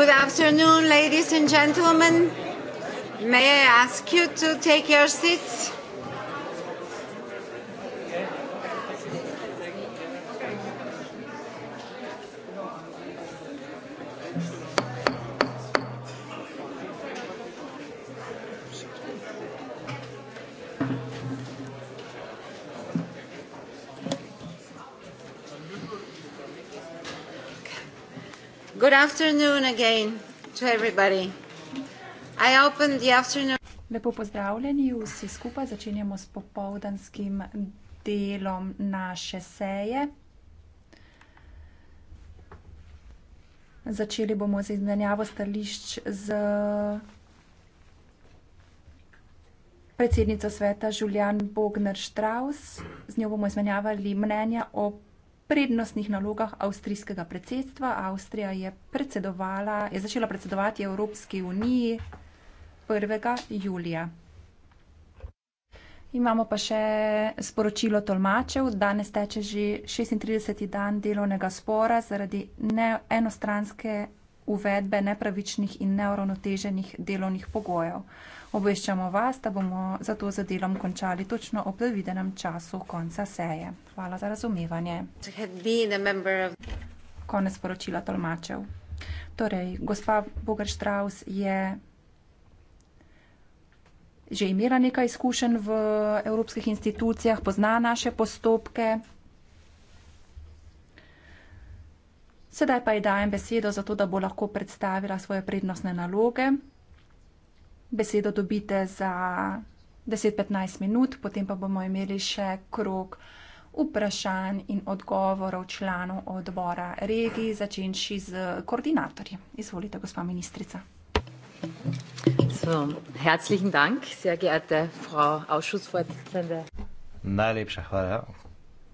Good afternoon, ladies and gentlemen. May I ask you to take your seats? afternoon again to everybody. I open the afternoon. Lepo pozdravljeni vsi skupaj. Začenjamo s popovdanskim delom naše seje. Začeli bomo z izmenjavo stališč z predsednico sveta Julian Bogner Štraus. Z njo bomo izmenjavali mnenja o prednostnih nalogah avstrijskega predsedstva. Avstrija je, predsedovala, je začela predsedovati Evropski uniji 1. julija. Imamo pa še sporočilo tolmačev. Danes teče že 36. dan delovnega spora zaradi enostranske uvedbe nepravičnih in neuravnoteženih delovnih pogojev. Obveščamo vas, da bomo za to zadelom končali točno ob predvidenem času konca seje. Hvala za razumevanje. Of... Konec poročila tolmačev. Torej, gospa Bogerstraus je že imela nekaj izkušenj v evropskih institucijah, pozna naše postopke. Sedaj pa ji dajem besedo za to, da bo lahko predstavila svoje prednostne naloge besedo dobite za 10-15 minut, potem pa bomo imeli še krok vprašanj in odgovorov članov odbora regij, začenši z koordinatorji. Izvolite, gospa ministrica. So, herzlichen Dank, sehr geehrte Frau Ausschussvorsitzende. Najlepša hvala,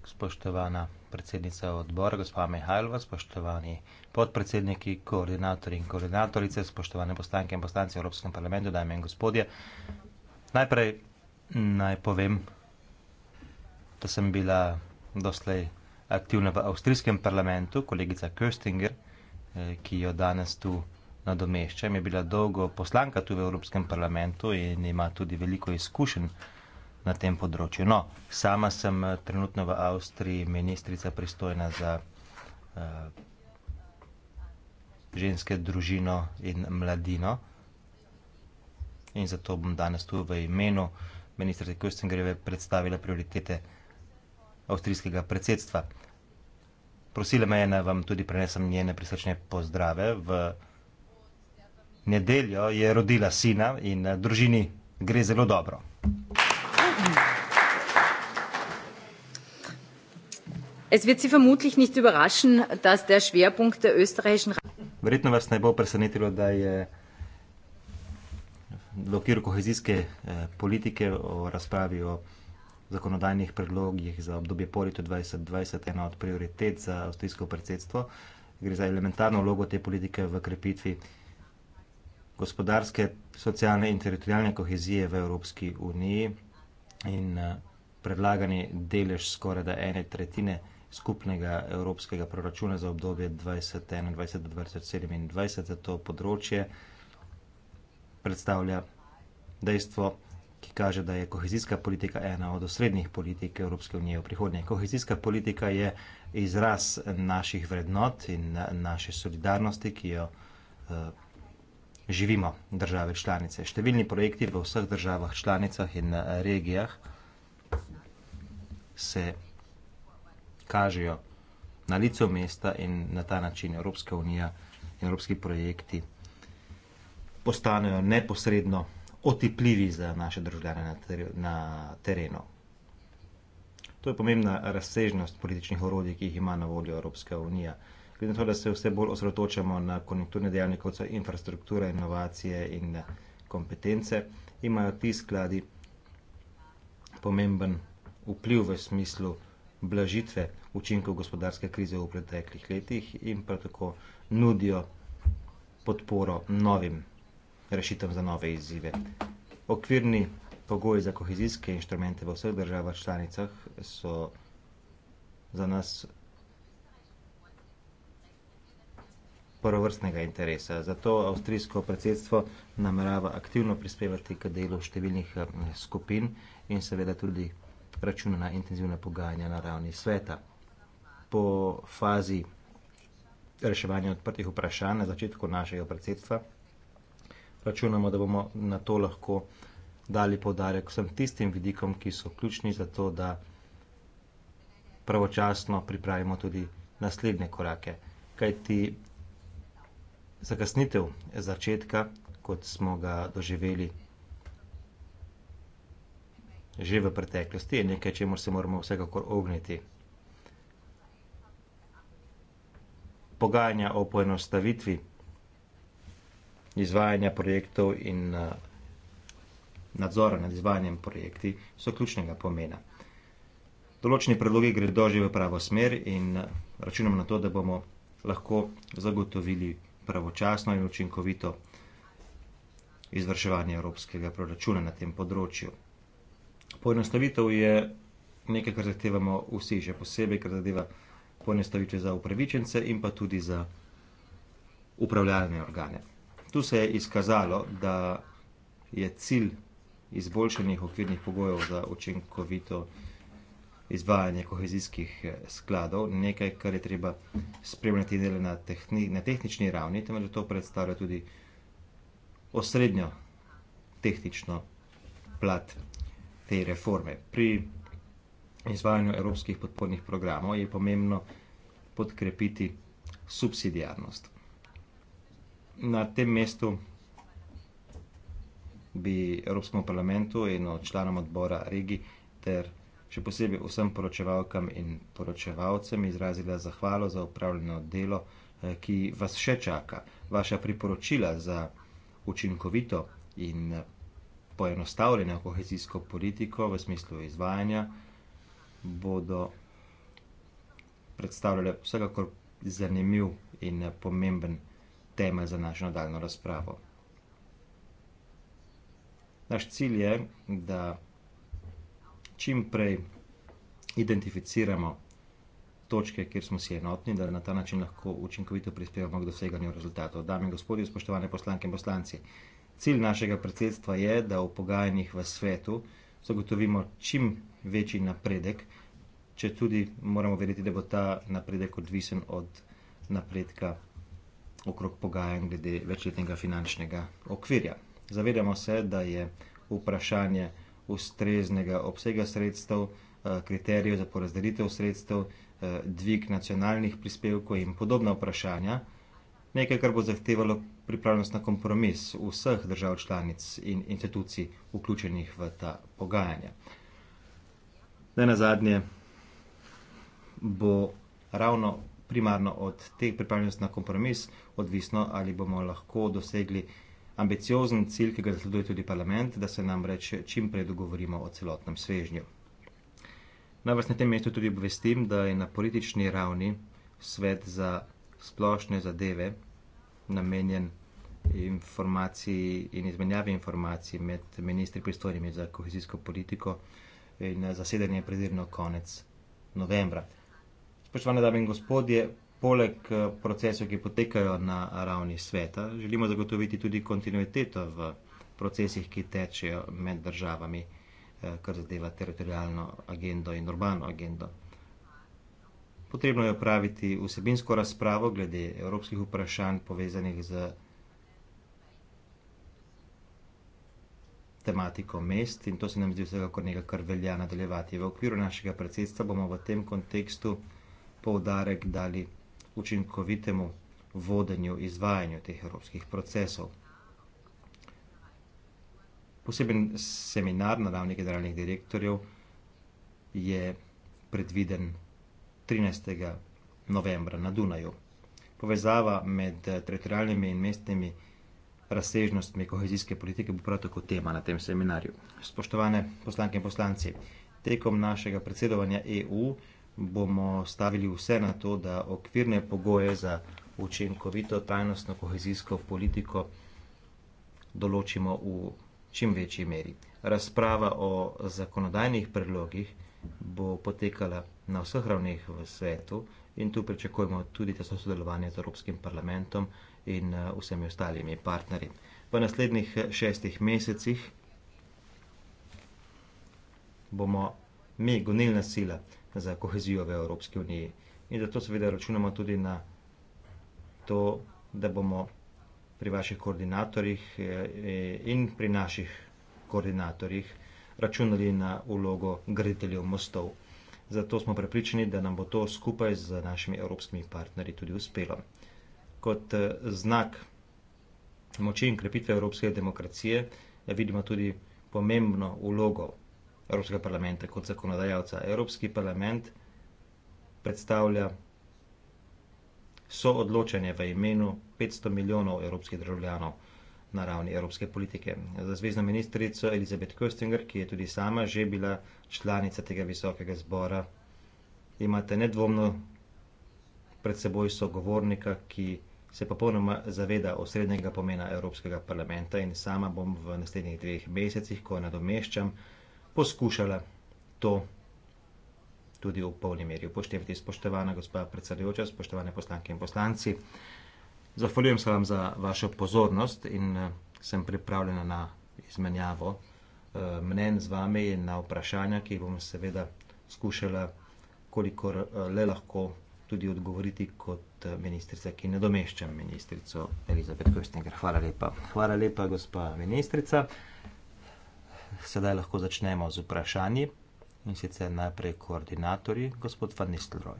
spoštovana predsednica odbora, gospa Mihajlova, spoštovani podpredsedniki, koordinatorji in koordinatorice, spoštovane poslanke in poslanci v Evropskem parlamentu, dame in gospodje. Najprej naj povem, da sem bila doslej aktivna v avstrijskem parlamentu, kolegica Köstinger, eh, ki jo danes tu nadomeščam, je bila dolgo poslanka tu v Evropskem parlamentu in ima tudi veliko izkušenj na tem področju. No, sama sem eh, trenutno v Avstriji ministrica pristojna za eh, ženske, družino in mladino. In zato bom danes tu v imenu ministrice Kustengreve predstavila prioritete avstrijskega predsedstva. Prosila me je, da vam tudi prenesem njene prisrčne pozdrave. V nedeljo je rodila sina in eh, družini gre zelo dobro. Es wird Sie vermutlich nicht überraschen, dass der Schwerpunkt der österreichischen Verjetno vas ne bo presenetilo, da je v okviru kohezijske eh, politike o razpravi o zakonodajnih predlogih za obdobje po letu 2020 ena od prioritet za avstrijsko predsedstvo. Gre za elementarno vlogo te politike v krepitvi gospodarske, socialne in teritorijalne kohezije v Evropski uniji in eh, predlagani delež skoraj da ene tretjine skupnega evropskega proračuna za obdobje 2021-2027 za to področje predstavlja dejstvo, ki kaže, da je kohezijska politika ena od osrednjih politik Evropske unije v prihodnje. Kohezijska politika je izraz naših vrednot in naše solidarnosti, ki jo eh, živimo države članice. Številni projekti v vseh državah članicah in eh, regijah se kažejo na licu mesta in na ta način Evropska unija in evropski projekti postanejo neposredno otipljivi za naše državljane na, ter, na terenu. To je pomembna razsežnost političnih orodij, ki jih ima na voljo Evropska unija. Glede na to, da se vse bolj osredotočamo na konjunkturne dejavnike, kot so infrastruktura, inovacije in kompetence, imajo ti skladi pomemben vpliv v smislu blažitve učinkov gospodarske krize v preteklih letih in prav tako nudijo podporo novim rešitvam za nove izzive. Okvirni pogoji za kohezijske inštrumente v vseh državah članicah so za nas prvovrstnega interesa. Zato avstrijsko predsedstvo namerava aktivno prispevati k delu številnih eh, skupin in seveda tudi računa na intenzivne pogajanja na ravni sveta. Po fazi reševanja odprtih vprašanj na začetku našega predsedstva računamo, da bomo na to lahko dali podarek vsem tistim vidikom, ki so ključni za to, da pravočasno pripravimo tudi naslednje korake. Kaj ti zakasnitev začetka, kot smo ga doživeli že v preteklosti, je nekaj, čemu se moramo vsekakor ogniti. Pogajanja o poenostavitvi izvajanja projektov in eh, nadzora nad izvajanjem projekti so ključnega pomena. Določeni predlogi gredo že v pravo smer in eh, računamo na to, da bomo lahko zagotovili pravočasno in učinkovito izvrševanje evropskega proračuna na tem področju. Poenostavitev je nekaj, kar zahtevamo vsi, še posebej, kar zadeva poenostavitve za upravičence in pa tudi za upravljalne organe. Tu se je izkazalo, da je cilj izboljšanih okvirnih pogojev za učinkovito izvajanje kohezijskih eh, skladov nekaj, kar je treba spremljati dele na, tehni, na tehnični ravni, temveč to predstavlja tudi osrednjo tehnično plat te reforme. Pri izvajanju evropskih podpornih programov je pomembno podkrepiti subsidijarnost. Na tem mestu bi Evropskemu parlamentu in članom odbora Regi ter še posebej vsem poročevalkam in poročevalcem izrazila zahvalo za upravljeno delo, eh, ki vas še čaka. Vaša priporočila za učinkovito in poenostavljeno kohezijsko politiko v smislu izvajanja, bodo predstavljale vsekakor zanimiv in eh, pomemben tema za našo nadaljno razpravo. Naš cilj je, da čim prej identificiramo točke, kjer smo si enotni, da na ta način lahko učinkovito prispevamo k doseganju rezultatov. Dame in gospodje, spoštovane poslanke in poslanci, Cilj našega predsedstva je, da v pogajanjih v svetu zagotovimo čim večji napredek, če tudi moramo verjeti, da bo ta napredek odvisen od napredka okrog pogajanj glede večletnega finančnega okvirja. Zavedamo se, da je vprašanje ustreznega obsega sredstev, eh, kriterijev za porazdelitev sredstev, eh, dvig nacionalnih prispevkov in podobna vprašanja nekaj, kar bo zahtevalo pripravljenost na kompromis vseh držav članic in institucij vključenih v ta pogajanja. Ne na zadnje bo ravno primarno od te pripravljenosti na kompromis odvisno, ali bomo lahko dosegli ambiciozen cilj, ki ga zasleduje tudi parlament, da se nam reče čim prej dogovorimo o celotnem svežnju. Na vas na tem mestu tudi obvestim, da je na politični ravni svet za splošne zadeve, namenjen informaciji in izmenjavi informacij med ministri pristojnimi za kohezijsko politiko in eh, zasedanje predvideno konec novembra. Spoštovane dame in gospodje, poleg eh, procesov, ki potekajo na ravni sveta, želimo zagotoviti tudi kontinuiteto v procesih, ki tečejo med državami, eh, kar zadeva teritorijalno agendo in urbano agendo. Potrebno je opraviti vsebinsko razpravo glede evropskih vprašanj povezanih z tematiko mest in to se nam zdi vsekakor nekaj, kar velja nadaljevati. V okviru našega predsedstva bomo v tem kontekstu poudarek dali učinkovitemu vodenju, izvajanju teh evropskih procesov. Poseben seminar na ravni generalnih direktorjev je predviden vsebno 13. novembra na Dunaju. Povezava med eh, teritorijalnimi in mestnimi razsežnostmi kohezijske politike bo prav tako tema na tem seminarju. Spoštovane poslanke in poslanci, tekom našega predsedovanja EU bomo stavili vse na to, da okvirne pogoje za učinkovito trajnostno kohezijsko politiko določimo v čim večji meri. Razprava o zakonodajnih predlogih bo potekala na vseh ravneh v svetu in tu pričakujemo tudi tesno sodelovanje z Evropskim parlamentom in eh, vsemi ostalimi partnerji. V naslednjih eh, šestih mesecih bomo mi gonilna sila za kohezijo v Evropski uniji in zato seveda računamo tudi na to, da bomo pri vaših koordinatorjih eh, in pri naših koordinatorjih računali na ulogo graditeljev mostov. Zato smo prepričani, da nam bo to skupaj z našimi evropskimi partnerji tudi uspelo. Kot eh, znak moči in krepitve evropske demokracije eh, vidimo tudi pomembno ulogo Evropskega parlamenta kot zakonodajalca. Evropski parlament predstavlja so odločanje v imenu 500 milijonov evropskih državljanov na ravni evropske politike. Za zvezdno ministrico Elizabeth Köstinger, ki je tudi sama že bila članica tega visokega zbora, imate nedvomno pred seboj sogovornika, ki se popolnoma zaveda osrednjega pomena Evropskega parlamenta in sama bom v naslednjih dveh mesecih, ko nadomeščam, poskušala to tudi v polni meri upoštevati. Spoštovana gospa predsedujoča, spoštovane poslanke in poslanci, Zahvaljujem se vam za vašo pozornost in eh, sem pripravljena na izmenjavo eh, mnen z vami na vprašanja, ki bom seveda skušala kolikor eh, le lahko tudi odgovoriti kot ministrica, ki ne domeščam ministrico Elizabet Kostinger. Hvala lepa. Hvala lepa, gospa ministrica. Sedaj lahko začnemo z vprašanji in sicer najprej koordinatorji, gospod Van Nistelrooy.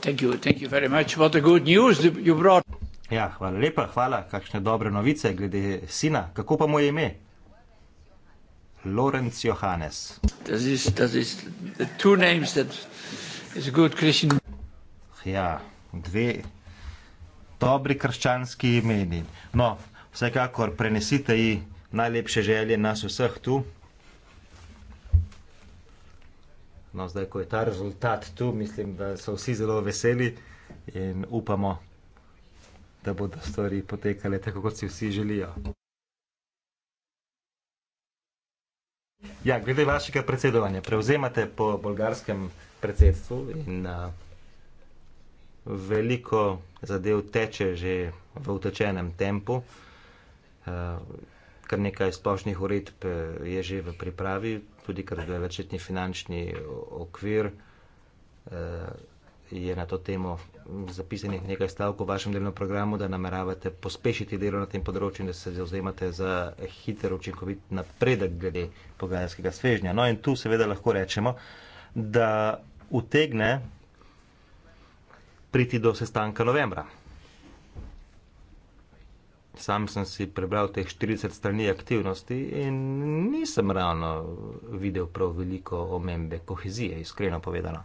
Thank you, thank you very much. What a good news you brought. Ja, hvala lepa, hvala. Kakšne dobre novice glede sina. Kako pa mu je ime? Lorenz Johannes. Ja, dve dobri krščanski imeni. No, vsekakor prenesite ji najlepše želje nas vseh tu. No, zdaj, ko je ta rezultat tu, mislim, da so vsi zelo veseli in upamo, da je vsi zelo veseli da bodo stvari potekale tako, kot si vsi želijo. Ja, glede vašega predsedovanja, prevzemate po bolgarskem predsedstvu in uh, veliko zadev teče že v utečenem tempu. Uh, kar nekaj splošnih uredb e, je že v pripravi, tudi kar je večetni finančni okvir, uh, je na to temo zapisanih nekaj stavkov v vašem delovnem programu, da nameravate pospešiti delo na tem področju in da se zauzemate za hiter, učinkovit napredek glede pogajalskega svežnja. No in tu seveda lahko rečemo, da utegne priti do sestanka novembra. Sam sem si prebral teh 40 strani aktivnosti in nisem ravno videl prav veliko omembe kohezije, iskreno povedano.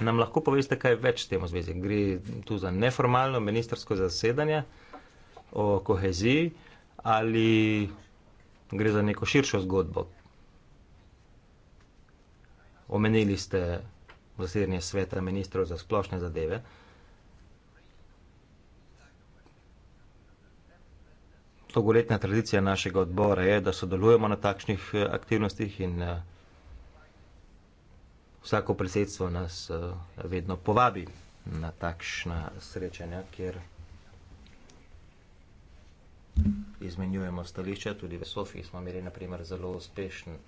Nam lahko poveste kaj več temu zvezi? Gre tu za neformalno ministersko zasedanje o koheziji ali gre za neko širšo zgodbo? Omenili ste zasedanje sveta ministrov za splošne zadeve. Togoletna tradicija našega odbora je, da sodelujemo na takšnih eh, aktivnostih in eh, vsako predsedstvo nas uh, vedno povabi na takšna srečanja, kjer izmenjujemo stališča, tudi v Sofiji smo imeli naprimer, zelo uspešen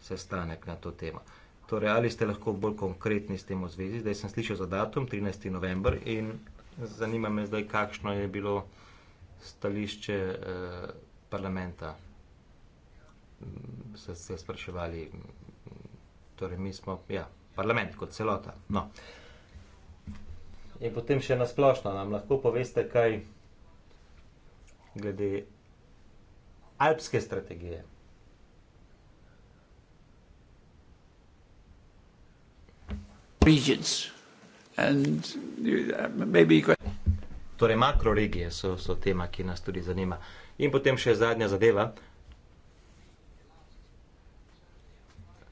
sestanek na to temo. Torej, ali ste lahko bolj konkretni s tem v zvezi? Zdaj sem slišal za datum 13. november in zanima me zdaj, kakšno je bilo stališče eh, parlamenta. Se ste spraševali, torej mi smo, ja, parlament kot celota. No. In potem še nasplošno, nam lahko poveste, kaj glede alpske strategije. Regions. And uh, maybe you could... Torej, makroregije so, so tema, ki nas tudi zanima. In potem še zadnja zadeva.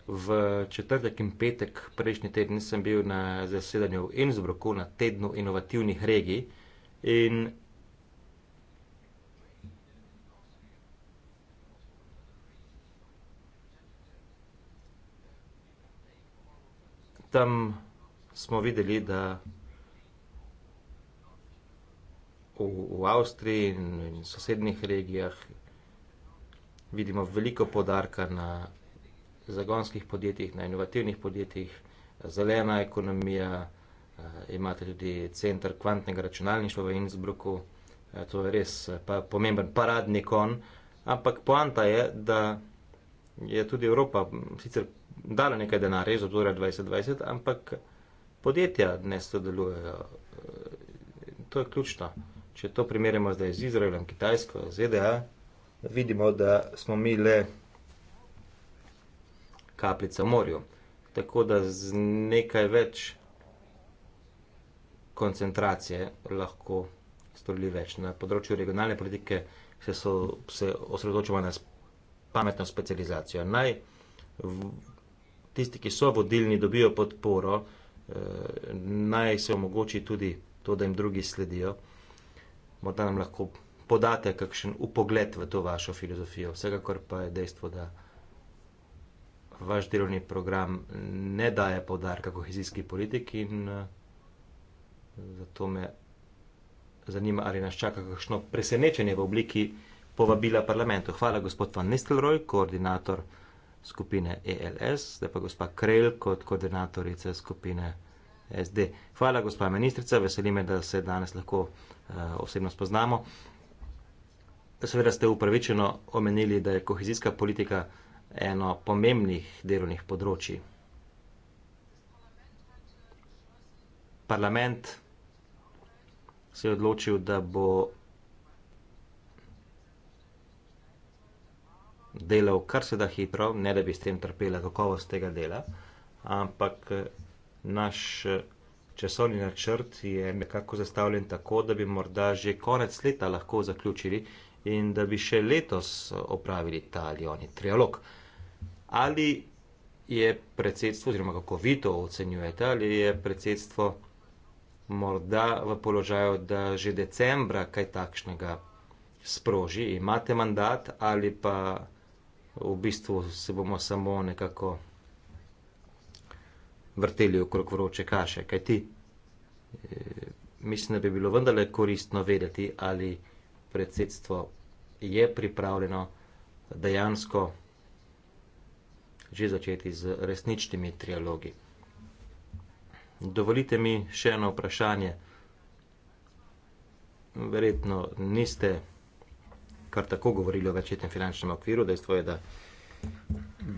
V četrtek in petek prejšnji teden sem bil na zasedanju v Innsbrucku na tednu inovativnih regij in tam smo videli, da v, v Avstriji in, in sosednjih regijah vidimo veliko podarka na zagonskih podjetjih, na inovativnih podjetjih, zelena ekonomija, eh, imate tudi center kvantnega računalništva v Innsbrucku, eh, to je res eh, pa pomemben paradni kon, ampak poanta je, da je tudi Evropa sicer dala nekaj denarja za dvora 2020, ampak podjetja ne sodelujejo. To je ključno. Če to primerjamo zdaj z Izraelom, Kitajsko, ZDA, vidimo, da smo mi le kapljica v morju. Tako da z nekaj več koncentracije lahko storili več. Na področju regionalne politike se, so, se osredotočamo na pametno specializacijo. Naj v, tisti, ki so vodilni, dobijo podporo, eh, naj se omogoči tudi to, da jim drugi sledijo. Morda nam lahko podate kakšen upogled v to vašo filozofijo. Vsekakor pa je dejstvo, da vaš delovni program ne daje podarka kohezijski politiki in eh, zato me zanima, ali nas čaka kakšno presenečenje v obliki povabila parlamentu. Hvala, gospod Van Nistelrooy, koordinator skupine ELS, zdaj pa gospa Krejl kot koordinatorica skupine SD. Hvala, gospa ministrica, veseli me, da se danes lahko uh, osebno spoznamo. Seveda ste upravičeno omenili, da je kohezijska politika eno pomembnih delovnih področji. Parlament se je odločil, da bo delal kar se da hitro, ne da bi s tem trpela kakovost tega dela, ampak naš časovni načrt je nekako zastavljen tako, da bi morda že konec leta lahko zaključili in da bi še letos opravili ta ali oni trialog. Ali je predsedstvo, oziroma kako vi to ocenjujete, ali je predsedstvo morda v položaju, da že decembra kaj takšnega sproži, imate mandat ali pa v bistvu se bomo samo nekako vrteli okrog vroče kaše, kaj ti? E, eh, mislim, da bi bilo vendarle koristno vedeti, ali predsedstvo je pripravljeno dejansko že začeti z resničnimi trialogi. Dovolite mi še eno vprašanje. Verjetno niste kar tako govorili o večetnem finančnem okviru, dejstvo je, da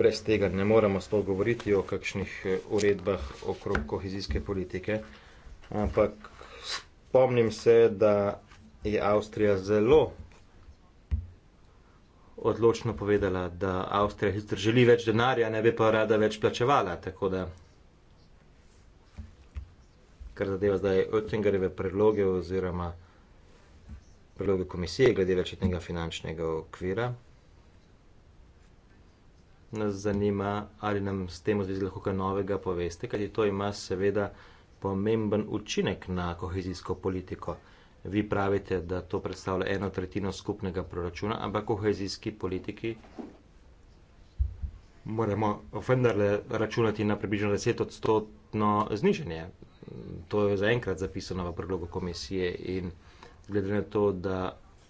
brez tega ne moramo sploh govoriti o kakšnih eh, uredbah okrog kohezijske politike, ampak spomnim se, da je Avstrija zelo odločno povedala, da Avstrija sicer želi več denarja, ne bi pa rada več plačevala, tako da kar zadeva zdaj Oettingerjeve predloge oziroma predloge komisije glede večetnega finančnega okvira, nas zanima, ali nam s tem ozvezi lahko kaj novega poveste, kajti to ima seveda pomemben učinek na kohezijsko politiko. Vi pravite, da to predstavlja eno tretjino skupnega proračuna, ampak kohezijski politiki moramo vendarle računati na približno 10 odstotno znižanje. To je zaenkrat zapisano v predlogu komisije in glede na to, da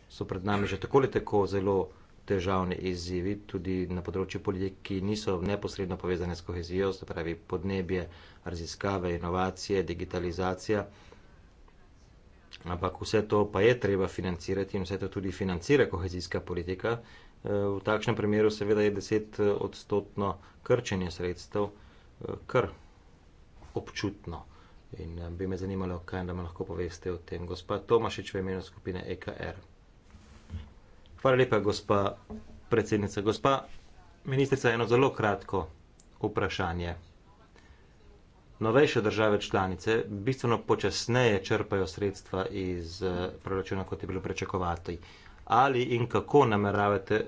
so pred nami že tako ali tako zelo težavni izzivi, tudi na področju politik, ki niso neposredno povezane s kohezijo, se pravi podnebje, raziskave, inovacije, digitalizacija. Ampak vse to pa je treba financirati in vse to tudi financira kohezijska politika. E, v takšnem primeru seveda je desetodstotno e, krčenje sredstev e, kar občutno. In bi me zanimalo, kaj nam lahko poveste o tem, gospa Tomašič v imenu skupine EKR. Hvala lepa, gospa predsednica. Gospa ministrica, eno zelo kratko vprašanje novejše države članice bistveno počasneje črpajo sredstva iz eh, proračuna, kot je bilo prečakovati. Ali in kako nameravate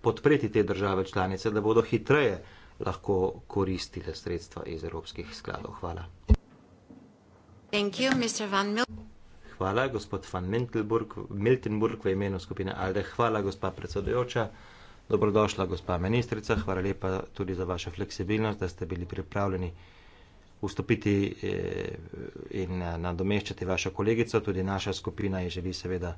podpreti te države članice, da bodo hitreje lahko koristile sredstva iz evropskih skladov? Hvala. Hvala, gospod van Miltenburg v imenu skupine ALDE. Hvala, gospa predsedujoča. Dobrodošla, gospa ministrica. Hvala lepa tudi za vašo fleksibilnost, da ste bili pripravljeni vstopiti eh, in eh, nadomeščati vašo kolegico. Tudi naša skupina ji želi seveda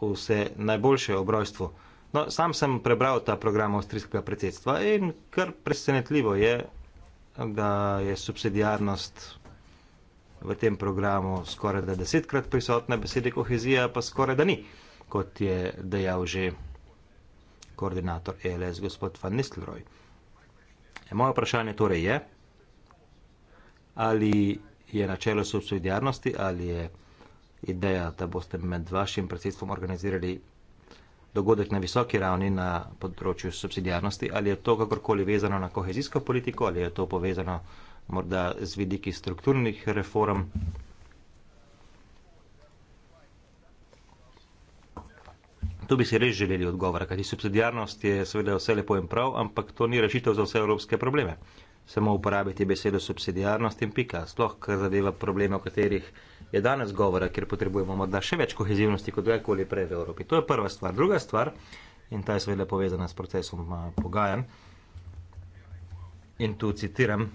vse najboljše ob rojstvu. No, sam sem prebral ta program avstrijskega predsedstva in kar presenetljivo je, da je subsidijarnost v tem programu skoraj da desetkrat prisotna, besede kohezija pa skoraj da ni, kot je dejal že koordinator ELS gospod Van Nistelrooy. E, moje vprašanje torej je, ali je načelo subsidijarnosti, ali je ideja, da boste med vašim predsedstvom organizirali dogodek na visoki ravni na področju subsidijarnosti, ali je to kakorkoli vezano na kohezijsko politiko, ali je to povezano morda z vidiki strukturnih reform. Tu bi si res želeli odgovora, kajti subsidijarnost je seveda vse lepo in prav, ampak to ni rešitev za vse evropske probleme. Uh, samo uporabiti besedo subsidijarnost in pika, sploh kar zadeva probleme, o katerih je danes govora, ker potrebujemo morda še več kohezivnosti kot kdajkoli prej v Evropi. To je prva stvar. Druga stvar, in ta je seveda povezana s procesom pogajanj, in tu citiram,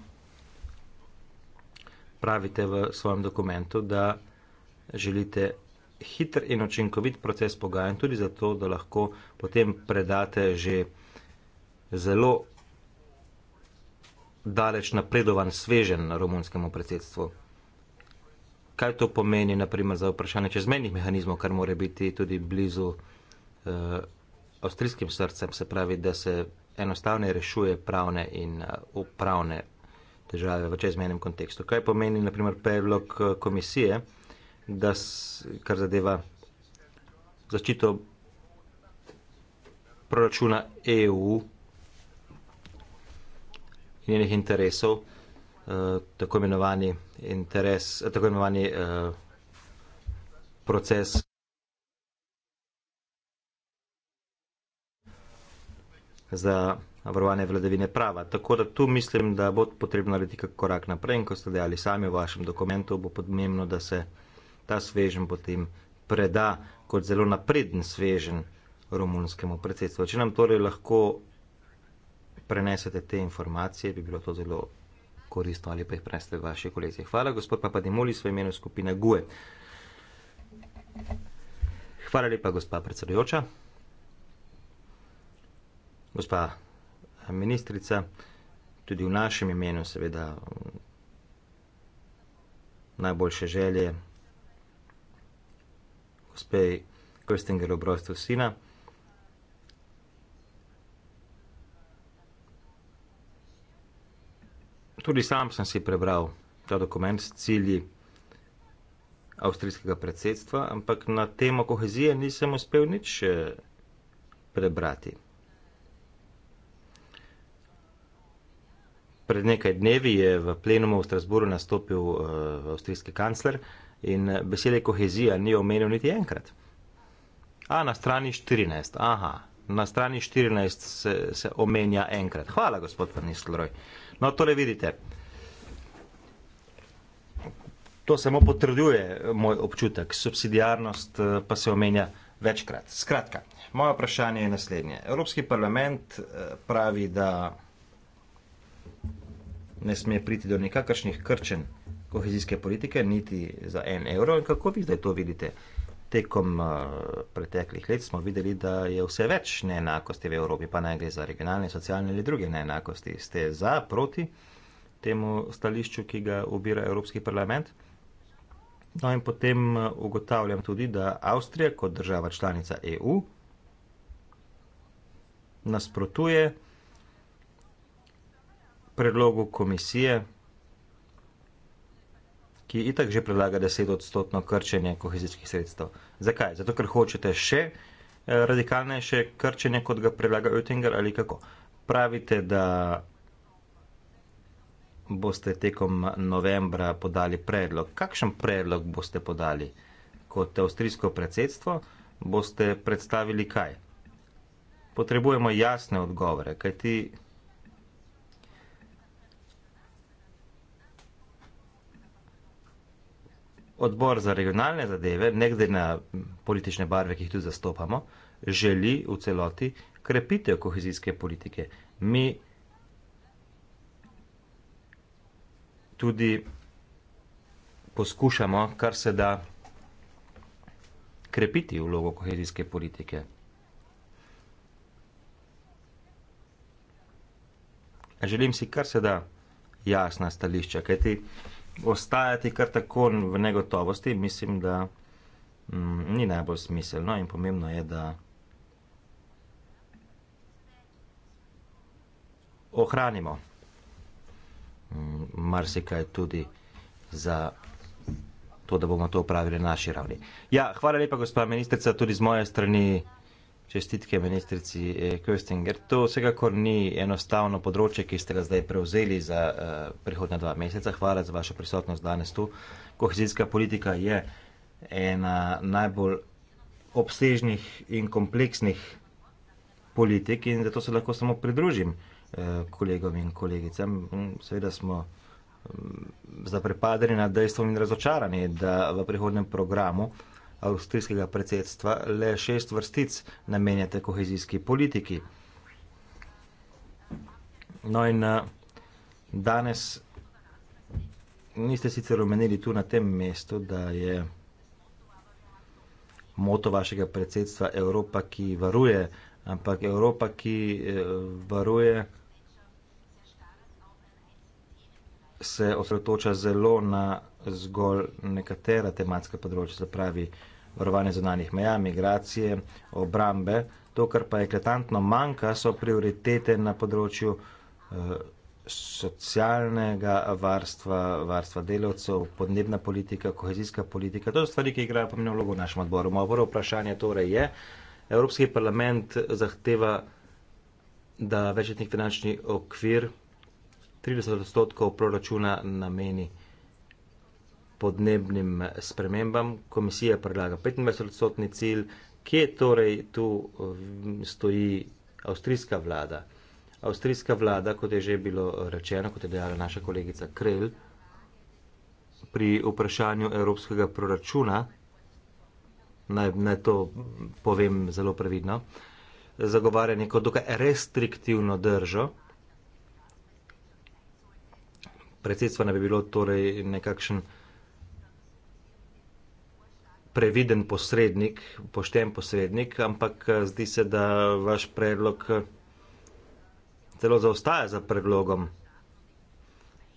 pravite v svojem dokumentu, da želite hiter in očinkovit proces pogajanj, tudi zato, da lahko potem predate že zelo daleč napredovan svežen na romunskemu predsedstvu. Kaj to pomeni, naprimer, za vprašanje čezmenih mehanizmov, kar more biti tudi blizu eh, avstrijskim srcem, se pravi, da se enostavno rešuje pravne in eh, upravne težave v čezmenem kontekstu. Kaj pomeni, naprimer, predlog eh, komisije, da kar zadeva zaščito proračuna EU njenih interesov, eh, tako imenovani, interes, eh, tako imenovani eh, proces. Za varovanje vladavine prava. Tako da tu mislim, da bo potrebno narediti korak naprej, in ko ste dejali sami v vašem dokumentu, bo pomembno, da se ta svežen potem preda kot zelo napreden svežen romunskemu predsedstvu. Če nam torej lahko prenesete te informacije, bi bilo to zelo koristno ali pa jih prenesete v vaše kolezije. Hvala, gospod Papa Demoli, svoj imenu skupina GUE. Hvala lepa, gospa predsedujoča. Gospa ministrica, tudi v našem imenu seveda najboljše želje gospej Krstengelo Brojstvo Sina, Tudi sam sem si prebral ta dokument s cilji avstrijskega predsedstva, ampak na temo kohezije nisem uspel nič eh, prebrati. Pred nekaj dnevi je v plenumu v Strasburu nastopil uh, avstrijski kancler in eh, besede kohezija ni omenil niti enkrat. A na strani 14, aha, na strani 14 se, se omenja enkrat. Hvala, gospod Vrnistelroj. No, tole vidite. To samo potrduje moj občutek. Subsidijarnost eh, pa se omenja večkrat. Skratka, moje vprašanje je naslednje. Evropski parlament eh, pravi, da ne sme priti do nekakršnih krčen kohezijske politike, niti za en evro. In kako vi zdaj to vidite? tekom eh, preteklih let smo videli, da je vse več neenakosti v Evropi, pa naj gre za regionalne, socialne ali druge neenakosti. Ste za, proti temu stališču, ki ga ubira Evropski parlament? No in potem eh, ugotavljam tudi, da Avstrija kot država članica EU nasprotuje predlogu komisije, ki itak že predlaga 10-odstotno krčenje kohezijskih sredstev. Zakaj? Zato, ker hočete še eh, radikalnejše krčenje, kot ga predlaga Oettinger ali kako. Pravite, da boste tekom novembra podali predlog. Kakšen predlog boste podali kot avstrijsko predsedstvo? Boste predstavili kaj? Potrebujemo jasne odgovore, kajti odbor za regionalne zadeve, ne glede na politične barve, ki jih tu zastopamo, želi v celoti krepitev kohezijske politike. Mi tudi poskušamo, kar se da, krepiti vlogo kohezijske politike. Želim si kar se da jasna stališča, kajti ostajati kar tako v negotovosti, mislim, da mm, ni najbolj smiselno in pomembno je, da ohranimo mm, marsikaj tudi za to, da bomo to upravili na naši ravni. Ja, hvala lepa, gospa ministrica, tudi z moje strani čestitke ministrici eh, Köstinger. To vsekakor ni enostavno področje, ki ste ga zdaj prevzeli za eh, prihodna dva meseca. Hvala za vašo prisotnost danes tu. Kohezijska politika je ena najbolj obsežnih in kompleksnih politik in zato se lahko samo pridružim eh, kolegom in kolegicam. Mm, seveda smo mm, zaprepadeni nad dejstvom in razočarani, da v prihodnem programu avstrijskega predsedstva le šest vrstic namenjate kohezijski politiki. No in eh, danes niste sicer omenili tu na tem mestu, da je moto vašega predsedstva Evropa, ki varuje, ampak Evropa, ki eh, varuje vsega, se osredotoča zelo na zgolj nekatera tematska področja, se pravi varovanje zunanjih meja, migracije, obrambe. To, kar pa je kletantno manjka, so prioritete na področju eh, socialnega varstva, varstva delavcev, podnebna politika, kohezijska politika. To so stvari, ki igrajo pomembno vlogo v našem odboru. Moje prvo vprašanje torej je, Evropski parlament zahteva, da večletni finančni okvir 30 odstotkov proračuna nameni podnebnim spremembam, komisija predlaga 25 odstotni cilj, kje torej tu um, stoji avstrijska vlada. Avstrijska vlada, kot je že bilo rečeno, kot je dejala naša kolegica Krel, pri vprašanju evropskega proračuna, naj, naj to povem zelo previdno, zagovarja neko dokaj restriktivno držo, predsedstva ne bi bilo torej nekakšen previden posrednik, pošten posrednik, ampak eh, zdi se, da vaš predlog eh, celo zaostaja za predlogom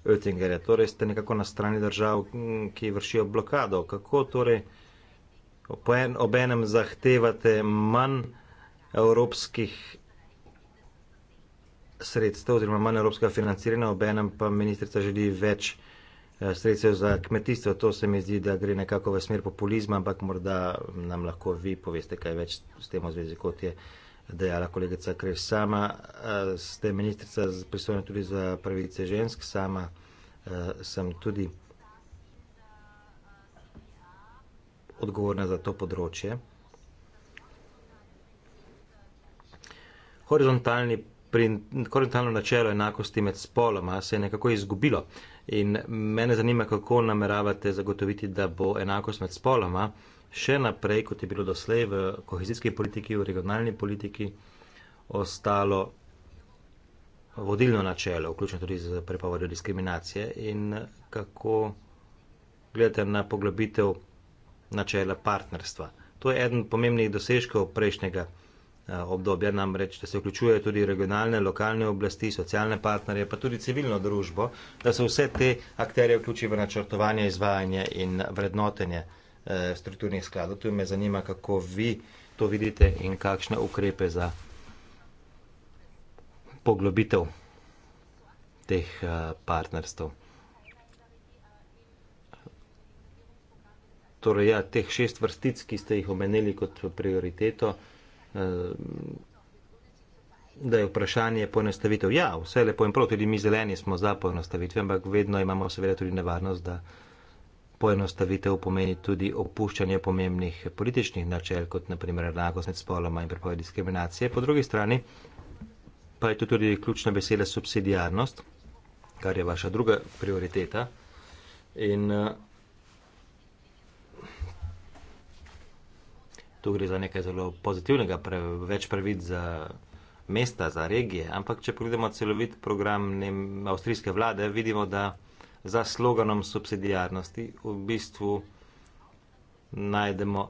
Oettingerja. Torej ste nekako na strani držav, mm, ki vršijo blokado. Kako torej ob enem zahtevate manj evropskih sredstev oziroma manj evropskega financiranja, obenem pa ministrica želi več eh, sredstev za kmetijstvo. To se mi zdi, da gre nekako v smer populizma, ampak morda nam lahko vi poveste kaj več s tem v zvezi, kot je dejala kolegica Krež sama. Eh, ste ministrica pristojna tudi za pravice žensk, sama eh, sem tudi odgovorna za to področje. Horizontalni korentalno načelo enakosti med spoloma se je nekako izgubilo. In mene zanima, kako nameravate zagotoviti, da bo enakost med spoloma še naprej, kot je bilo doslej v kohezijski politiki, v regionalni politiki, ostalo vodilno načelo, vključno tudi z prepovedjo diskriminacije in kako gledate na poglobitev načela partnerstva. To je eden pomembnih dosežkov prejšnjega. Eh, obdobja, namreč, da se vključuje tudi regionalne, lokalne oblasti, socialne partnerje, pa tudi civilno družbo, da se vse te akterje vključi v načrtovanje, izvajanje in vrednotenje eh, strukturnih skladov. Tu me zanima, kako vi to vidite in kakšne ukrepe za poglobitev teh eh, partnerstv. Torej, ja, teh šest vrstic, ki ste jih omenili kot prioriteto, Ehm, da je vprašanje poenostavitev. Ja, vse je lepo in prav, tudi mi zeleni smo za poenostavitve, ampak vedno imamo seveda tudi nevarnost, da poenostavitev pomeni tudi opuščanje pomembnih političnih načel, kot naprimer enakost med spoloma in prepoved diskriminacije. Po drugi strani pa je tu tudi ključna beseda subsidijarnost, kar je vaša druga prioriteta. In uh, tu gre za nekaj zelo pozitivnega, pre, več pravic za mesta, za regije. Ampak, če pogledamo celovit program nem, avstrijske vlade, vidimo, da za sloganom subsidijarnosti v bistvu najdemo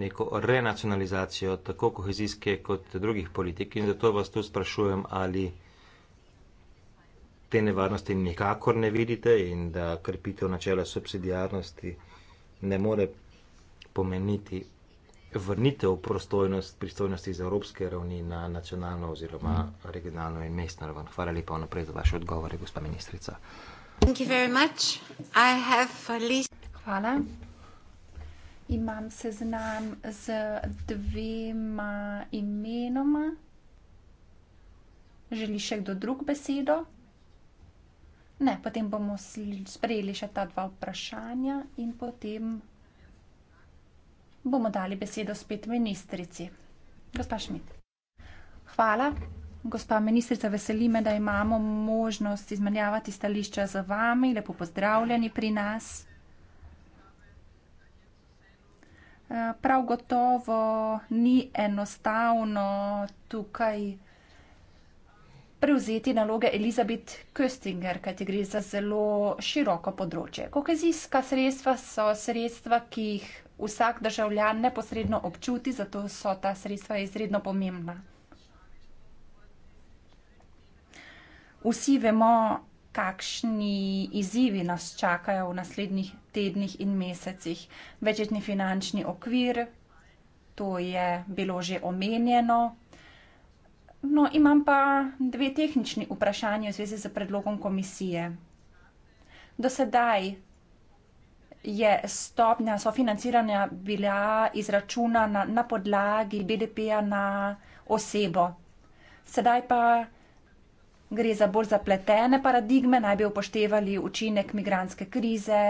neko renacionalizacijo tako kohezijske kot drugih politik in zato vas tu sprašujem, ali te nevarnosti nikakor ne vidite in da krepitev načela subsidijarnosti ne more pomeniti vrnitev prostojnost, pristojnosti iz evropske ravni na nacionalno oziroma mm. regionalno in mestno raven. Hvala lepa vnaprej za vaše odgovore, gospa ministrica. Hvala. Imam seznam z dvema imenoma. Želi še kdo drug besedo? Ne, potem bomo sprejeli še ta dva vprašanja in potem bomo dali besedo spet ministrici. Gospa Šmit. Hvala. Gospa ministrica, veseli me, da imamo možnost izmenjavati stališča za vami. Lepo pozdravljeni pri nas. Eh, prav gotovo ni enostavno tukaj prevzeti naloge Elizabet Köstinger, kajti gre za zelo široko področje. Kohezijska sredstva so sredstva, ki jih vsak državljan neposredno občuti, zato so ta sredstva izredno pomembna. Vsi vemo, kakšni izzivi nas čakajo v naslednjih tednih in mesecih. Večetni finančni okvir, to je bilo že omenjeno. No, imam pa dve tehnični vprašanje v zvezi z predlogom komisije. Do sedaj je stopnja sofinanciranja bila izračunana na podlagi BDP-ja na osebo. Sedaj pa gre za bolj zapletene paradigme, naj bi upoštevali učinek migranske krize,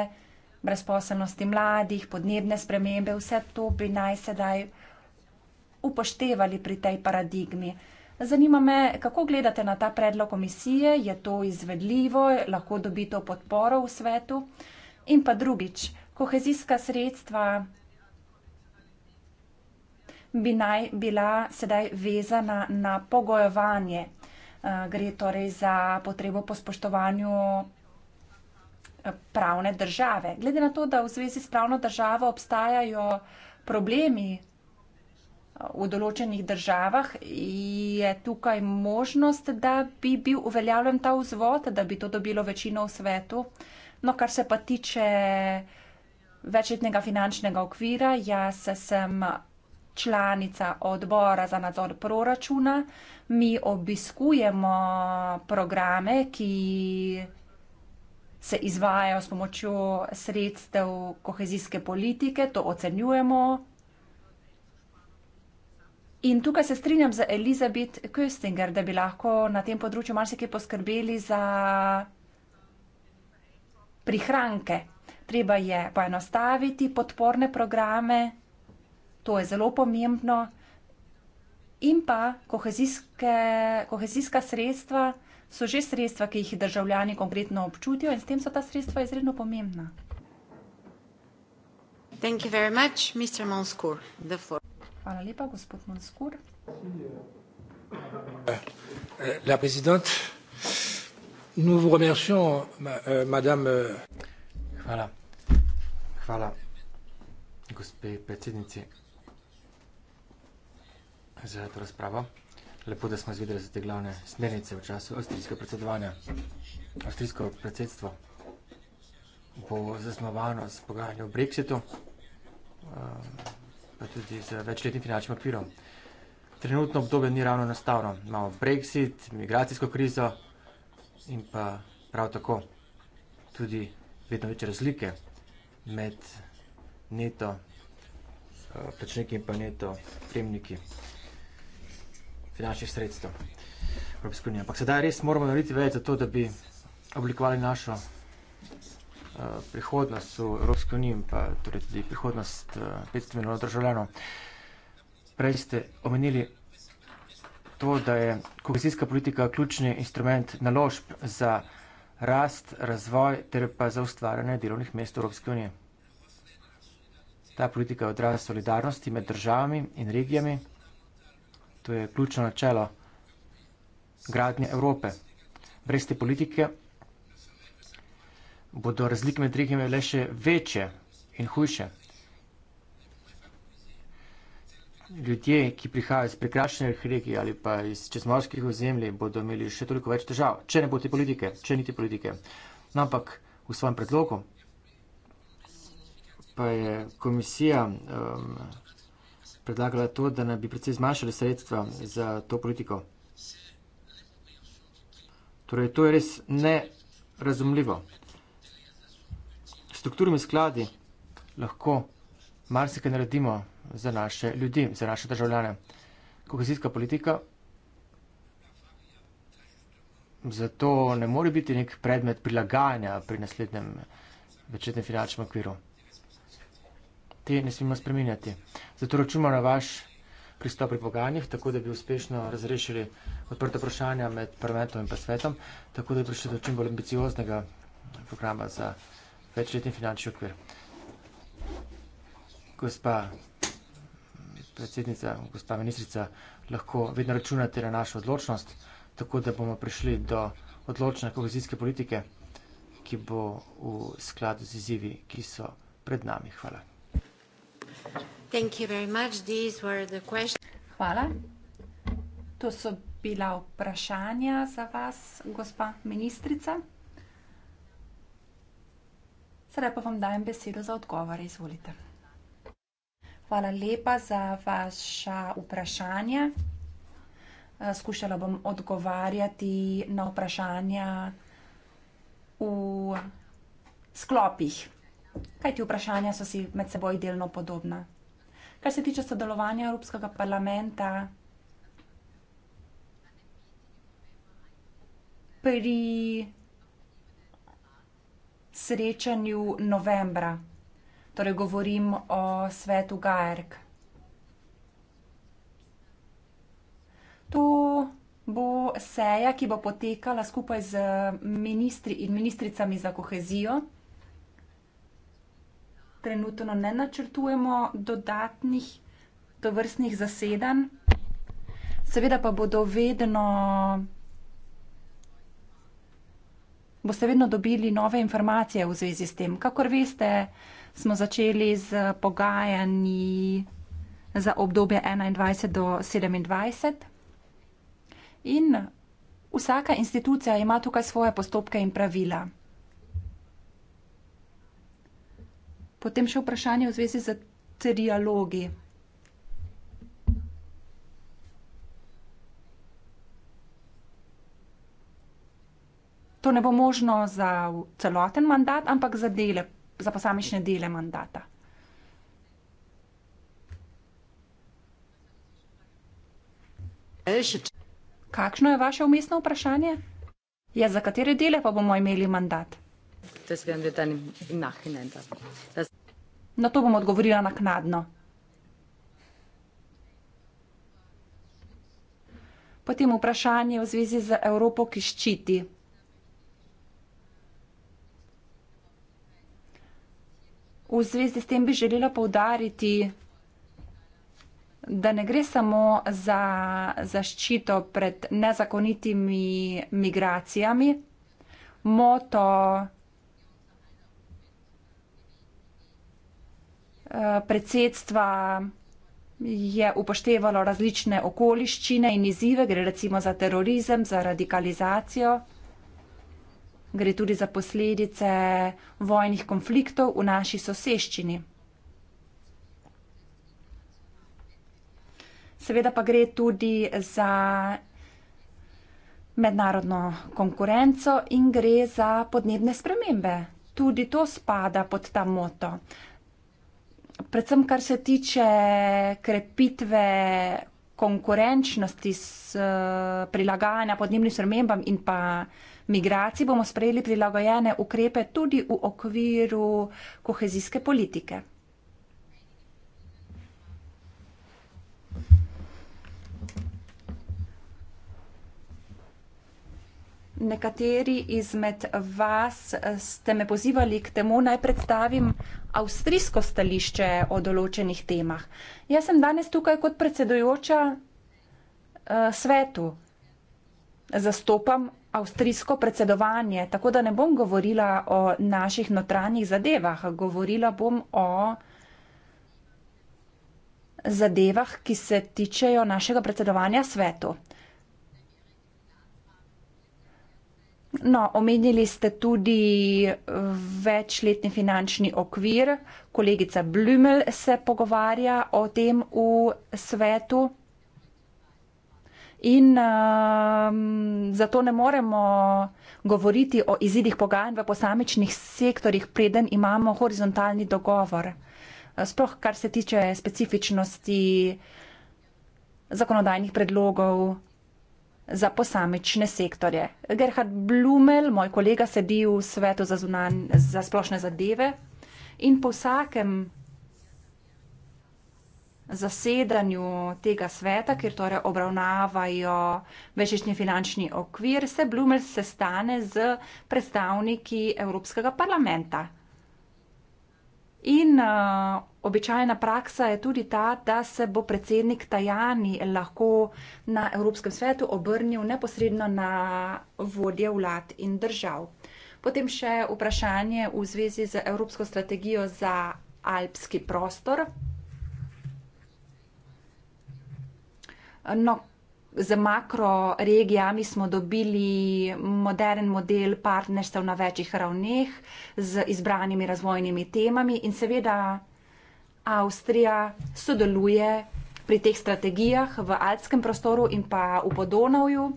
brezposelnosti mladih, podnebne spremembe, vse to bi naj sedaj upoštevali pri tej paradigmi. Zanima me, kako gledate na ta predlog komisije, je to izvedljivo, lahko dobite podporo v svetu? In pa drugič, kohezijska sredstva bi naj bila sedaj vezana na pogojevanje. Eh, gre torej za potrebo po spoštovanju eh, pravne države. Glede na to, da v zvezi s pravno državo obstajajo problemi eh, v določenih državah, je tukaj možnost, da bi bil uveljavljen ta vzvod, da bi to dobilo večino v svetu. No, kar se pa tiče večletnega finančnega okvira, jaz sem članica odbora za nadzor proračuna. Mi obiskujemo programe, ki se izvajajo s pomočjo sredstev kohezijske politike, to ocenjujemo. In tukaj se strinjam z Elizabet Köstinger, da bi lahko na tem področju marsikaj poskrbeli za prihranke. Treba je poenostaviti podporne programe, to je zelo pomembno, in pa kohezijska sredstva so že sredstva, ki jih državljani konkretno občutijo in s tem so ta sredstva izredno pomembna. Much, Hvala lepa, gospod Monskur. Yeah. Nous vous remercions, euh, madame. Euh. Voilà. Voilà. Gospe predsednici, za to razpravo. Lepo, da smo izvedeli za te glavne smernice v času avstrijskega predsedovanja. Avstrijsko predsedstvo bo zasnovano s pogajanji o Brexitu, eh, pa tudi z večletnim finančnim okvirom. Trenutno obdobje ni ravno nastavno. Imamo Brexit, migracijsko krizo, in pa prav tako tudi vedno več razlike med neto eh, plačniki in pa neto prejemniki finančnih sredstev Evropske unije. Ampak sedaj res moramo narediti več za to, da bi oblikovali našo eh, prihodnost v Evropske unije in pa torej tudi prihodnost 500 eh, milijonov državljanov. Prej ste omenili to, da je kohezijska politika ključni instrument naložb za rast, razvoj ter pa za ustvarjanje delovnih mest Evropske unije. Ta politika je odraz solidarnosti med državami in regijami. To je ključno načelo gradnje Evrope. Brez te politike bodo razlike med regijami le še večje in hujše. ljudje, ki prihajajo iz prekrašenih regij ali pa iz čezmorskih ozemlji, bodo imeli še toliko več težav, če ne bo te politike, če niti politike. No, ampak v svojem predlogu pa je komisija um, predlagala to, da ne bi predvsej zmanjšali sredstva za to politiko. Torej, to je res nerazumljivo. Strukturni skladi lahko marsikaj naredimo, za naše ljudi, za naše državljane. Kohezijska politika zato ne more biti nek predmet prilagajanja pri naslednjem večetnem finančnem okviru. Te ne smemo spreminjati. Zato računamo na vaš pristop pri pogajanjih, tako da bi uspešno razrešili odprta vprašanja med parlamentom in pa svetom, tako da bi prišli do čim bolj ambicioznega programa za večletni finančni okvir. Gospa predsednica, gospa ministrica, lahko vedno računate na našo odločnost, tako da bomo prišli do odločne kohezijske politike, ki bo v skladu z izzivi, ki so pred nami. Hvala. Hvala. To so bila vprašanja za vas, gospa ministrica. Sedaj pa vam dajem besedo za odgovore. Izvolite. Hvala lepa za vaša vprašanja. Eh, skušala bom odgovarjati na vprašanja v sklopih, kaj ti vprašanja so si med seboj delno podobna. Kar se tiče sodelovanja Evropskega parlamenta pri srečanju novembra, torej govorim o svetu Gajerk. To bo seja, ki bo potekala skupaj z ministri in ministricami za kohezijo. Trenutno ne načrtujemo dodatnih tovrstnih zasedanj, seveda pa bodo vedno boste vedno dobili nove informacije v zvezi s tem. Kakor veste, smo začeli z pogajanji za obdobje 21 do 27. In vsaka institucija ima tukaj svoje postopke in pravila. Potem še vprašanje v zvezi z trialogi. To ne bo možno za celoten mandat, ampak za dele za posamične dele mandata. Kakšno je vaše umestno vprašanje? Ja, za katere dele pa bomo imeli mandat? Na to bom odgovorila naknadno. Potem vprašanje v zvezi z Evropo, ki ščiti. V zvezi s tem bi želela povdariti, da ne gre samo za zaščito pred nezakonitimi migracijami. Moto eh, predsedstva je upoštevalo različne okoliščine in izzive, gre recimo za terorizem, za radikalizacijo gre tudi za posledice vojnih konfliktov v naši soseščini. Seveda pa gre tudi za mednarodno konkurenco in gre za podnebne spremembe. Tudi to spada pod ta moto. Predvsem kar se tiče krepitve konkurenčnosti s eh, prilagajanja podnebnim spremembam in pa migracij bomo sprejeli prilagojene ukrepe tudi v okviru kohezijske politike. Nekateri izmed vas eh, ste me pozivali k temu, naj predstavim avstrijsko stališče o določenih temah. Jaz sem danes tukaj kot predsedujoča uh, svetu. Zastopam avstrijsko predsedovanje, tako da ne bom govorila o naših notranjih zadevah, govorila bom o zadevah, ki se tičejo našega predsedovanja svetu. No, omenili ste tudi večletni finančni okvir. Kolegica Blümel se pogovarja o tem v svetu in um, zato ne moremo govoriti o izidih pogajanj v posamičnih sektorjih, preden imamo horizontalni dogovor. Uh, sploh, kar se tiče specifičnosti zakonodajnih predlogov za posamične sektorje. Gerhard Blumel, moj kolega, sedi v svetu za, zunanj, za splošne zadeve in po vsakem zasedanju tega sveta, kjer torej obravnavajo večični finančni okvir, se Blumel sestane z predstavniki Evropskega parlamenta. In uh, običajna praksa je tudi ta, da se bo predsednik Tajani lahko na Evropskem svetu obrnil neposredno na vodje vlad in držav. Potem še vprašanje v zvezi z Evropsko strategijo za alpski prostor. No, z makro regijami smo dobili modern model partnerstva na večjih ravneh z izbranimi razvojnimi temami in seveda Avstrija sodeluje pri teh strategijah v alpskem prostoru in pa v Podonavju.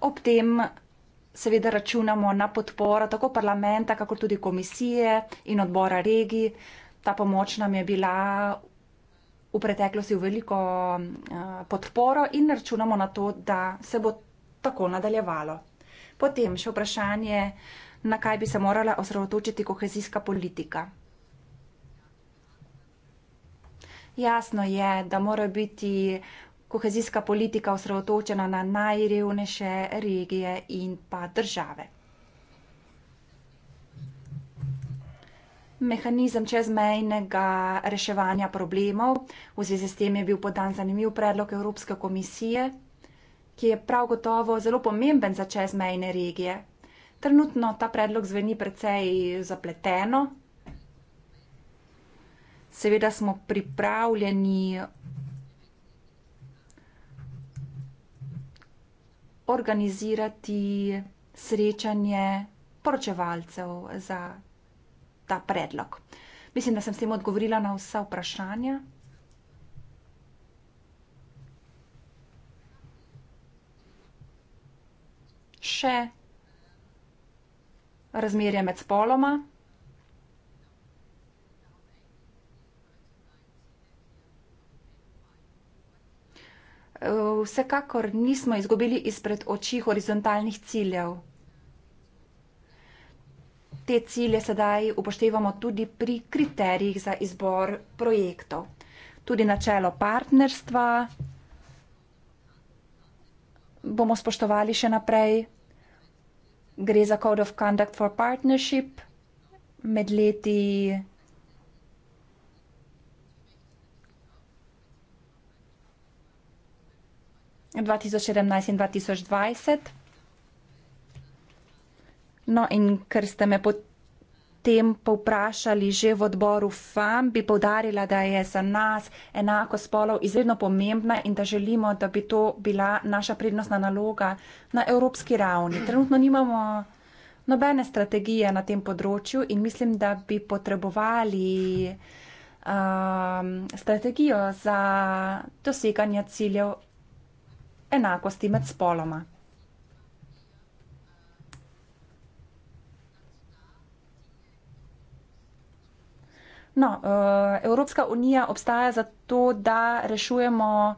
Ob tem seveda računamo na podporo tako parlamenta, kako tudi komisije in odbora regij. Ta pomoč nam je bila v preteklosti v veliko eh, podporo in računamo na to, da se bo tako nadaljevalo. Potem še vprašanje, na kaj bi se morala osredotočiti kohezijska politika. Jasno je, da mora biti kohezijska politika osredotočena na najrevnejše regije in pa države. mehanizem čezmejnega reševanja problemov. V zvezi s tem je bil podan zanimiv predlog Evropske komisije, ki je prav gotovo zelo pomemben za čezmejne regije. Trenutno ta predlog zveni precej zapleteno. Seveda smo pripravljeni organizirati srečanje poročevalcev za ta predlog. Mislim, da sem s tem odgovorila na vsa vprašanja. Še razmerje med spoloma. Vsekakor nismo izgubili izpred oči horizontalnih ciljev te cilje sedaj upoštevamo tudi pri kriterijih za izbor projektov. Tudi načelo partnerstva bomo spoštovali še naprej. Gre za Code of Conduct for Partnership med leti 2017 in 2020. No in ker ste me potem povprašali že v odboru FAM, bi povdarila, da je za nas enako spolov izredno pomembna in da želimo, da bi to bila naša prednostna naloga na evropski ravni. Trenutno nimamo nobene strategije na tem področju in mislim, da bi potrebovali um, strategijo za doseganje ciljev enakosti med spoloma. No, eh, Evropska unija obstaja zato, da rešujemo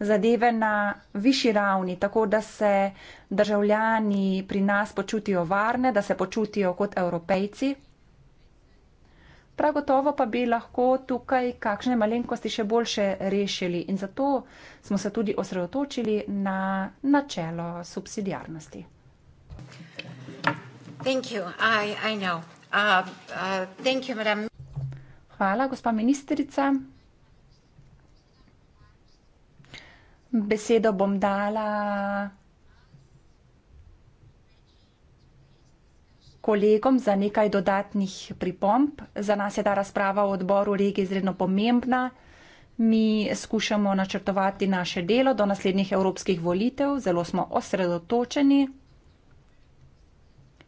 zadeve na višji ravni, tako da se državljani pri nas počutijo varne, da se počutijo kot evropejci. Prav gotovo pa bi lahko tukaj kakšne malenkosti še boljše rešili in zato smo se tudi osredotočili na načelo subsidijarnosti. Thank you. I, I know. Uh, uh, thank you, madam. Hvala, gospa ministrica. Besedo bom dala kolegom za nekaj dodatnih pripomb. Za nas je ta razprava v odboru regije izredno pomembna. Mi skušamo načrtovati naše delo do naslednjih evropskih volitev, zelo smo osredotočeni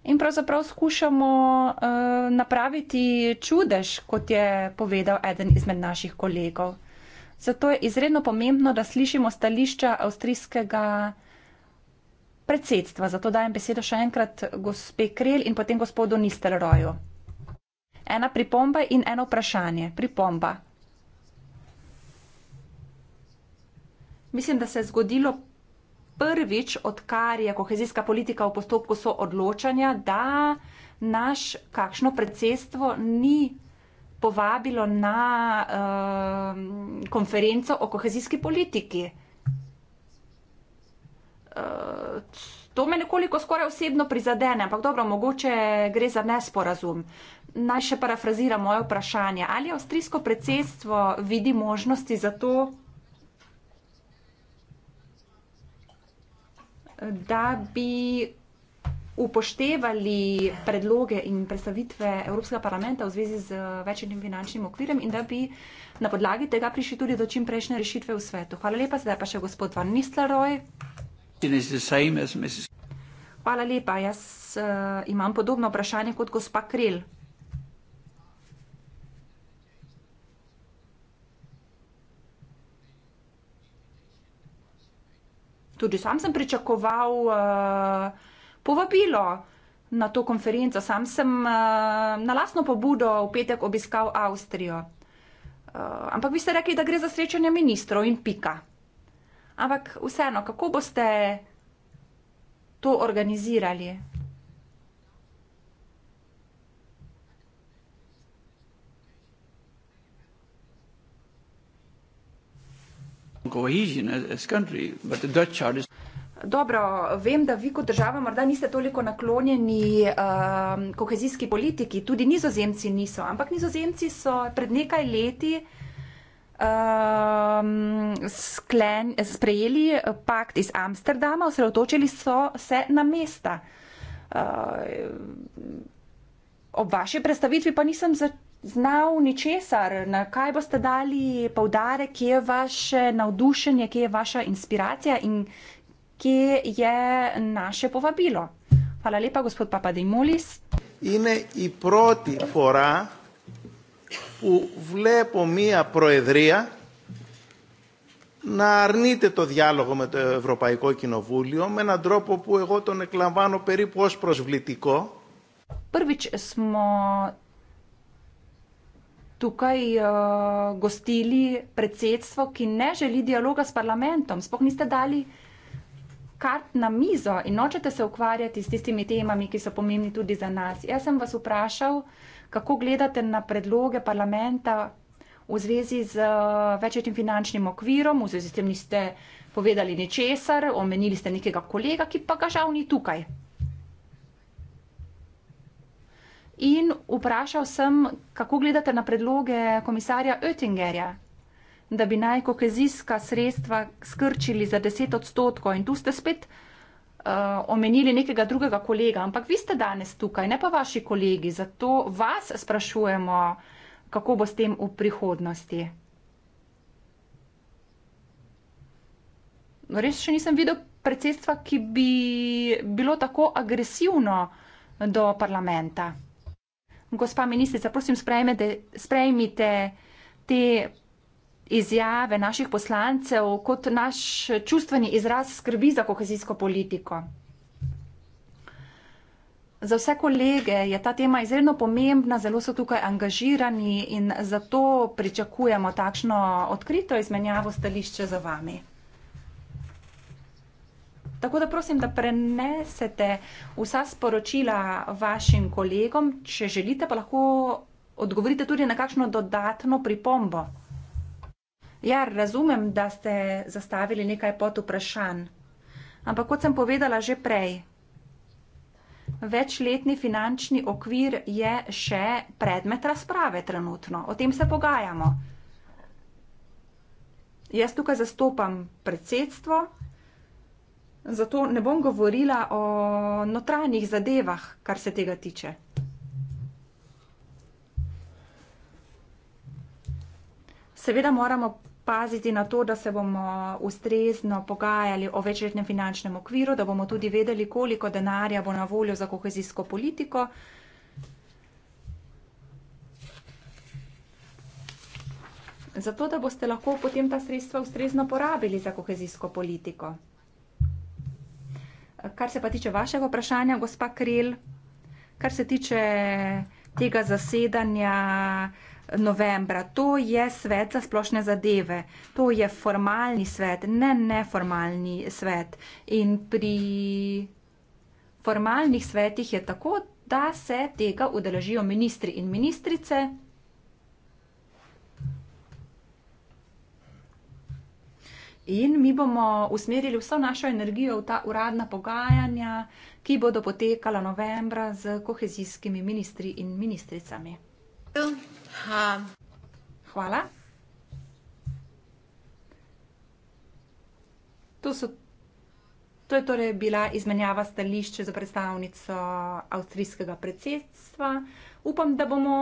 in pravzaprav skušamo uh, napraviti čudež, kot je povedal eden izmed naših kolegov. Zato je izredno pomembno, da slišimo stališča avstrijskega predsedstva. Zato dajem besedo še enkrat gospe Krel in potem gospodu Nistelroju. Ena pripomba in eno vprašanje. Pripomba. Mislim, da se je zgodilo prvič, odkar je kohezijska politika v postopku soodločanja, da naš kakšno predsedstvo ni povabilo na uh, konferenco o kohezijski politiki. Uh, to me nekoliko skoraj osebno prizadene, ampak dobro, mogoče gre za nesporazum. Naj še parafraziram moje vprašanje. Ali avstrijsko predsedstvo vidi možnosti za to? da bi upoštevali predloge in predstavitve Evropskega parlamenta v zvezi z večjim finančnim okvirem in da bi na podlagi tega prišli tudi do čim prejšnje rešitve v svetu. Hvala lepa, zdaj pa še gospod Van Nistelrooy. Hvala lepa, jaz uh, imam podobno vprašanje kot gospa Krelj. tudi sam sem pričakoval uh, povabilo na to konferenco. Sam sem uh, na lasno pobudo v petek obiskal Avstrijo. Uh, ampak vi ste rekli, da gre za srečanje ministrov in pika. Ampak vseeno, kako boste to organizirali? Dobro, vem, da vi kot država morda niste toliko naklonjeni um, kohezijski politiki, tudi nizozemci niso, ampak nizozemci so pred nekaj leti um, sklen, sprejeli pakt iz Amsterdama, osredotočili so se na mesta. Uh, ob vaši predstavitvi pa nisem začela znal ničesar, na kaj boste dali povdare, kje je vaše navdušenje, kje je vaša inspiracija in kje je naše povabilo. Hvala lepa, gospod Papadimulis. Ine i proti fora u vlepo mija proedrija να αρνείται το διάλογο με το Ευρωπαϊκό Κοινοβούλιο με έναν τρόπο που εγώ τον εκλαμβάνω περίπου ως προσβλητικό. Πρώτα, tukaj uh, gostili predsedstvo, ki ne želi dialoga s parlamentom. Spoh niste dali kart na mizo in nočete se ukvarjati s tistimi temami, ki so pomembni tudi za nas. Jaz sem vas vprašal, kako gledate na predloge parlamenta v zvezi z uh, eh, večjetim finančnim okvirom, v zvezi s tem niste povedali ničesar, omenili ste nekega kolega, ki pa ga žal ni tukaj. in vprašal sem, kako gledate na predloge komisarja Oettingerja, da bi naj kohezijska sredstva skrčili za 10 odstotkov in tu ste spet uh, omenili nekega drugega kolega, ampak vi ste danes tukaj, ne pa vaši kolegi, zato vas sprašujemo, kako bo s tem v prihodnosti. Res še nisem videl predsedstva, ki bi bilo tako agresivno do parlamenta gospa ministrica, prosim, sprejmete, sprejmite te izjave naših poslancev kot naš čustveni izraz skrbi za kohezijsko politiko. Za vse kolege je ta tema izredno pomembna, zelo so tukaj angažirani in zato pričakujemo takšno odkrito izmenjavo stališče za vami. Tako da prosim, da prenesete vsa sporočila vašim kolegom, če želite, pa lahko odgovorite tudi na kakšno dodatno pripombo. Ja, razumem, da ste zastavili nekaj pod vprašanj, ampak kot sem povedala že prej, večletni finančni okvir je še predmet razprave trenutno. O tem se pogajamo. Jaz tukaj zastopam predsedstvo, Zato ne bom govorila o notranjih zadevah, kar se tega tiče. Seveda moramo paziti na to, da se bomo ustrezno pogajali o večletnem finančnem okviru, da bomo tudi vedeli, koliko denarja bo na voljo za kohezijsko politiko. Zato, da boste lahko potem ta sredstva ustrezno porabili za kohezijsko politiko. Kar se pa tiče vašega vprašanja, gospa Kril, kar se tiče tega zasedanja novembra, to je svet za splošne zadeve, to je formalni svet, ne neformalni svet. In pri formalnih svetih je tako, da se tega udeležijo ministri in ministrice. In mi bomo usmerili vso našo energijo v ta uradna pogajanja, ki bodo potekala novembra z kohezijskimi ministri in ministricami. Hvala. To, so, to je torej bila izmenjava stališče za predstavnico avstrijskega predsedstva. Upam, da bomo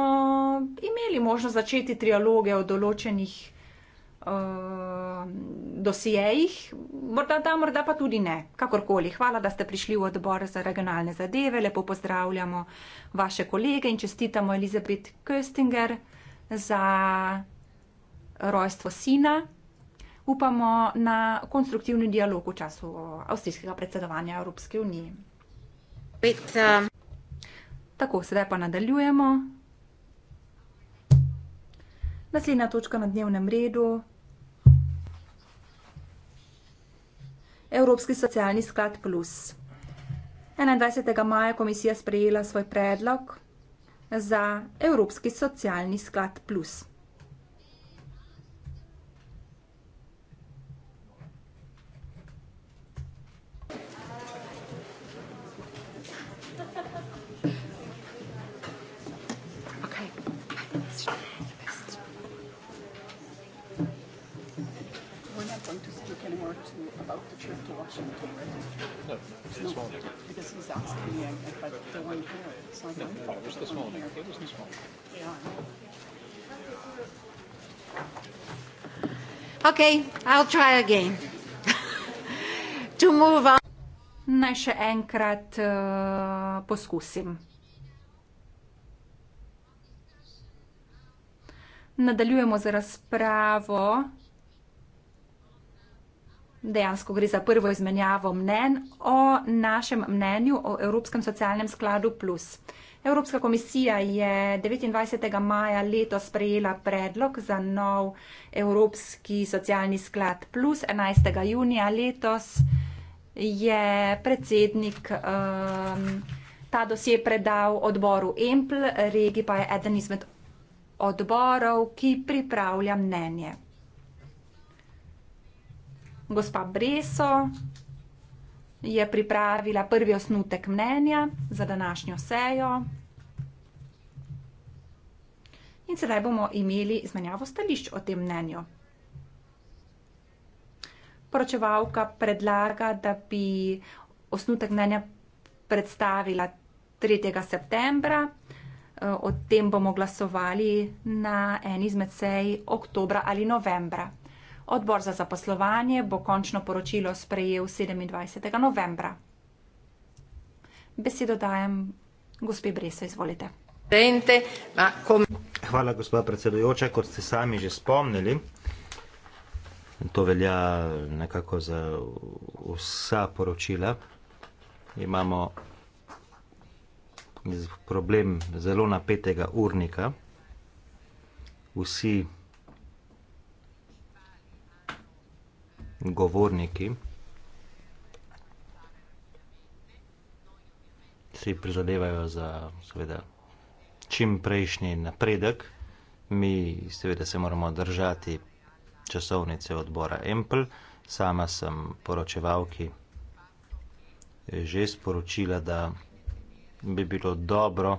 imeli možnost začeti trialoge o določenih Eh, dosijejih, morda da, morda pa tudi ne. Kakorkoli, hvala, da ste prišli v odbor za regionalne zadeve, lepo pozdravljamo vaše kolege in čestitamo Elizabet Köstinger za rojstvo sina. Upamo na konstruktivni dialog v času avstrijskega predsedovanja Evropske unije. Eh. Tako, sedaj pa nadaljujemo. Naslednja točka na dnevnem redu Evropski socialni sklad plus. 21. maja je komisija sprejela svoj predlog za Evropski socialni sklad plus. about the trip to Washington, right? No, this morning. Because he's asking me about the one here. It's like no, no, it was this morning. Here. It was this morning. Yeah. Okay, I'll try again. to move on. Naj še enkrat uh, poskusim. Nadaljujemo z razpravo. Dejansko gre za prvo izmenjavo mnen o našem mnenju o Evropskem socialnem skladu plus. Evropska komisija je 29. maja letos sprejela predlog za nov Evropski socialni sklad plus. 11. junija letos je predsednik um, ta dosje predal odboru EMPL, regi pa je eden izmed odborov, ki pripravlja mnenje gospa Breso je pripravila prvi osnutek mnenja za današnjo sejo. In sedaj bomo imeli izmenjavo stališč o tem mnenju. Poročevalka predlaga, da bi osnutek mnenja predstavila 3. septembra. O tem bomo glasovali na eni izmed sej oktobra ali novembra. Odbor za zaposlovanje bo končno poročilo sprejel 27. novembra. Besedo dajem gospe Breso, izvolite. Hvala, gospa predsedujoča. Kot ste sami že spomnili, to velja nekako za vsa poročila, imamo problem zelo napetega urnika. Vsi govorniki si prizadevajo za seveda, čim prejšnji napredek, mi seveda se moramo držati časovnice odbora Empl. Sama sem poročevalki že sporočila, da bi bilo dobro,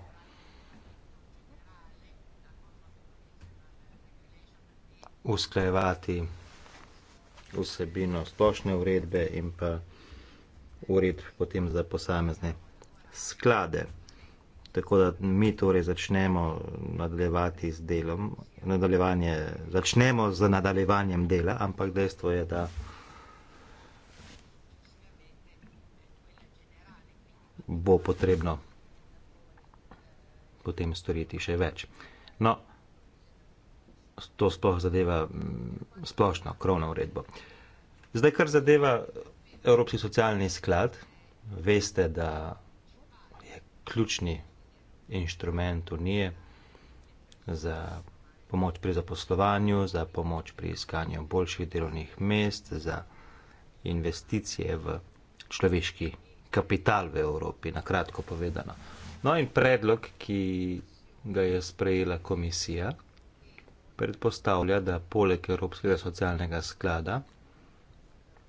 usklajevati vsebino splošne uredbe in pa uredb potem za posamezne sklade. Tako da mi torej začnemo nadaljevati z delom, nadaljevanje, začnemo z nadaljevanjem dela, ampak dejstvo je, da bo potrebno potem storiti še več. No, to sploh zadeva mm, splošno krovno uredbo. Zdaj, kar zadeva Evropski socialni sklad, veste, da je ključni inštrument unije za pomoč pri zaposlovanju, za pomoč pri iskanju boljših delovnih mest, za investicije v človeški kapital v Evropi, na kratko povedano. No in predlog, ki ga je sprejela komisija, predpostavlja, da poleg Evropskega socialnega sklada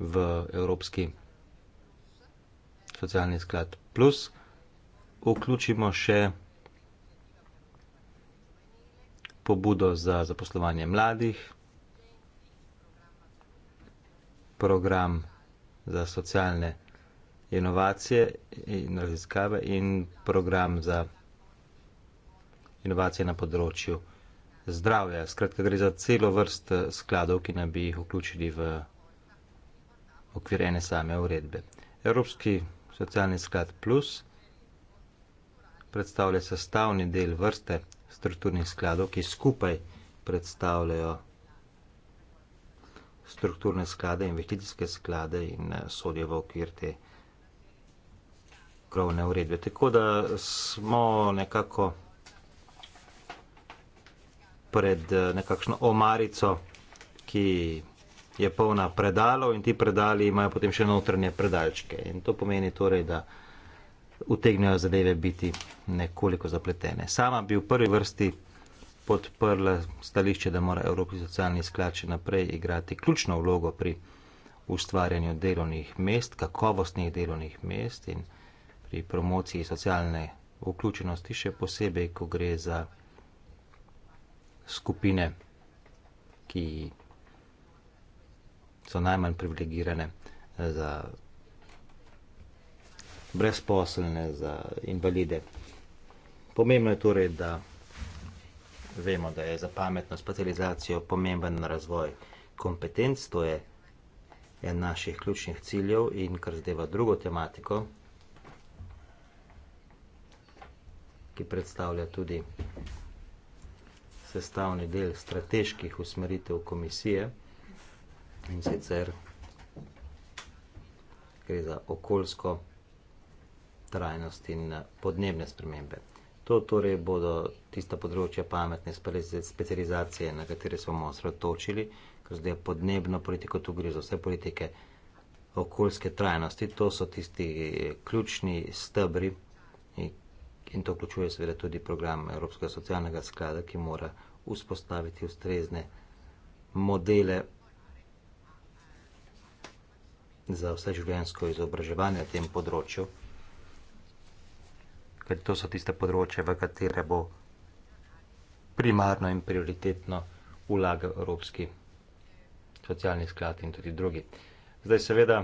v Evropski socialni sklad plus vključimo še pobudo za zaposlovanje mladih, program za socialne inovacije in raziskave in program za inovacije na področju zdravja. Skratka, gre za celo vrst eh, skladov, ki naj bi jih vključili v okvir ene same uredbe. Evropski socialni sklad plus predstavlja sestavni del vrste strukturnih skladov, ki skupaj predstavljajo strukturne sklade, investicijske sklade in eh, sodijo v okvir te krovne uredbe. Tako da smo nekako pred eh, nekakšno omarico, ki je polna predalov in ti predali imajo potem še notranje predalčke. In to pomeni torej, da utegnejo zadeve biti nekoliko zapletene. Sama bi v prvi vrsti podprla stališče, da mora Evropski socialni sklad še naprej igrati ključno vlogo pri ustvarjanju delovnih mest, kakovostnih delovnih mest in pri promociji socialne vključenosti, še posebej, ko gre za skupine, ki so najmanj privilegirane eh, za brezposelne, za invalide. Pomembno je torej, da vemo, da je za pametno specializacijo pomemben razvoj kompetenc, to je en naših ključnih ciljev in kar zdeva drugo tematiko, ki predstavlja tudi sestavni del strateških usmeritev komisije in sicer gre za okoljsko trajnost in eh, podnebne spremembe. To torej bodo tista področja pametne specializacije, na katere smo osredotočili, ker zdaj je podnebno politiko, tu gre za vse politike okoljske trajnosti. To so tisti eh, ključni stebri, eh, in to vključuje seveda tudi program Evropskega socialnega sklada, ki mora vzpostaviti ustrezne modele za vse življenjsko izobraževanje na tem področju, ker to so tiste področje, v katere bo primarno in prioritetno vlagal Evropski socialni sklad in tudi drugi. Zdaj seveda,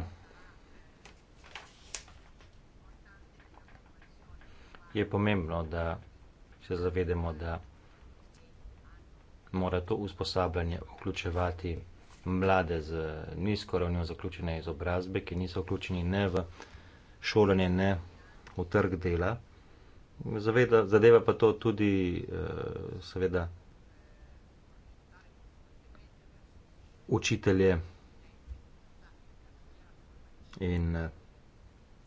je pomembno, da se zavedemo, da mora to usposabljanje vključevati mlade z nizko ravnjo zaključene izobrazbe, ki niso vključeni ne v šolanje, ne v trg dela. Zaveda, zadeva pa to tudi, eh, seveda, učitelje in eh,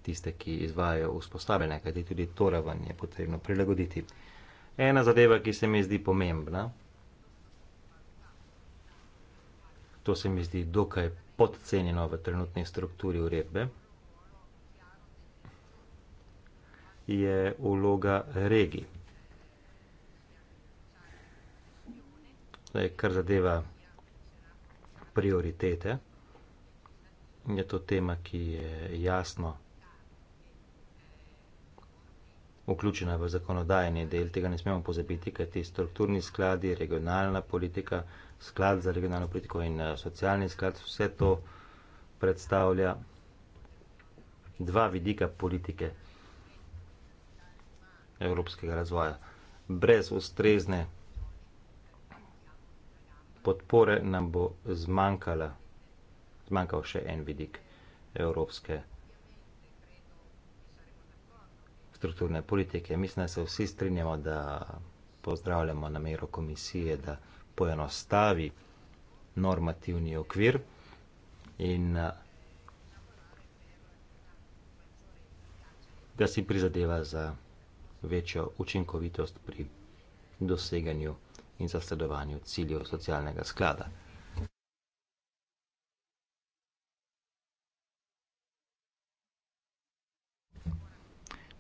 tiste, ki izvajo vzpostavljene, kajti tudi to raven je potrebno prilagoditi. Ena zadeva, ki se mi zdi pomembna, to se mi zdi dokaj podcenjeno v trenutni strukturi uredbe, je vloga regi. Zdaj, kar zadeva prioritete, je to tema, ki je jasno vključena v zakonodajni del, tega ne smemo pozabiti, ker ti strukturni skladi, regionalna politika, sklad za regionalno politiko in eh, socialni sklad, vse to predstavlja dva vidika politike evropskega razvoja. Brez ustrezne podpore nam bo zmanjkala, zmanjkal še en vidik evropske politike. strukturne politike. Mislim, da se vsi strinjamo, da pozdravljamo namero komisije, da poenostavi normativni okvir in eh, da si prizadeva za večjo učinkovitost pri doseganju in zasledovanju ciljev socialnega sklada.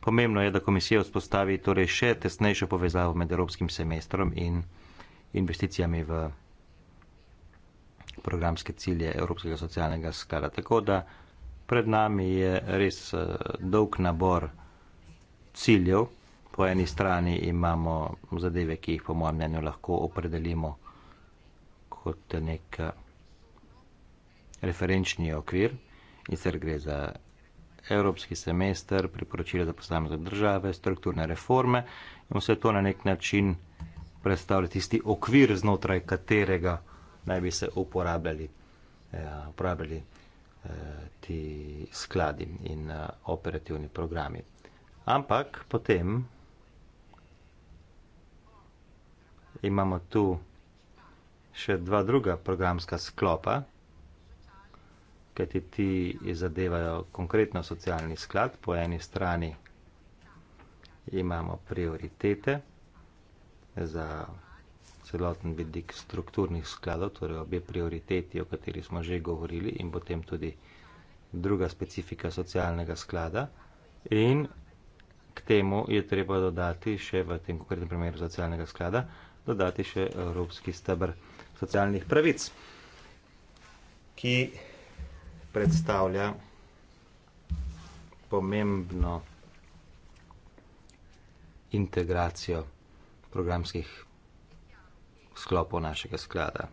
Pomembno je, da komisija vzpostavi torej še tesnejšo povezavo med evropskim semestrom in investicijami v programske cilje Evropskega socialnega sklada. Tako da pred nami je res eh, dolg nabor ciljev. Po eni strani imamo zadeve, ki jih po mojem mnenju lahko opredelimo kot nek eh, referenčni okvir in sicer gre za evropski semester, priporočila za posamezne države, strukturne reforme in vse to na nek način predstavlja tisti okvir, znotraj katerega naj bi se uporabljali, eh, uporabljali eh, ti skladi in eh, operativni programi. Ampak potem imamo tu še dva druga programska sklopa kajti ti zadevajo konkretno socialni sklad. Po eni strani imamo prioritete za celoten vidik strukturnih skladov, torej obe prioriteti, o kateri smo že govorili, in potem tudi druga specifika socialnega sklada. In k temu je treba dodati še v tem konkretnem primeru socialnega sklada, dodati še Evropski stebr socialnih pravic, ki predstavlja pomembno integracijo programskih sklopov našega sklada.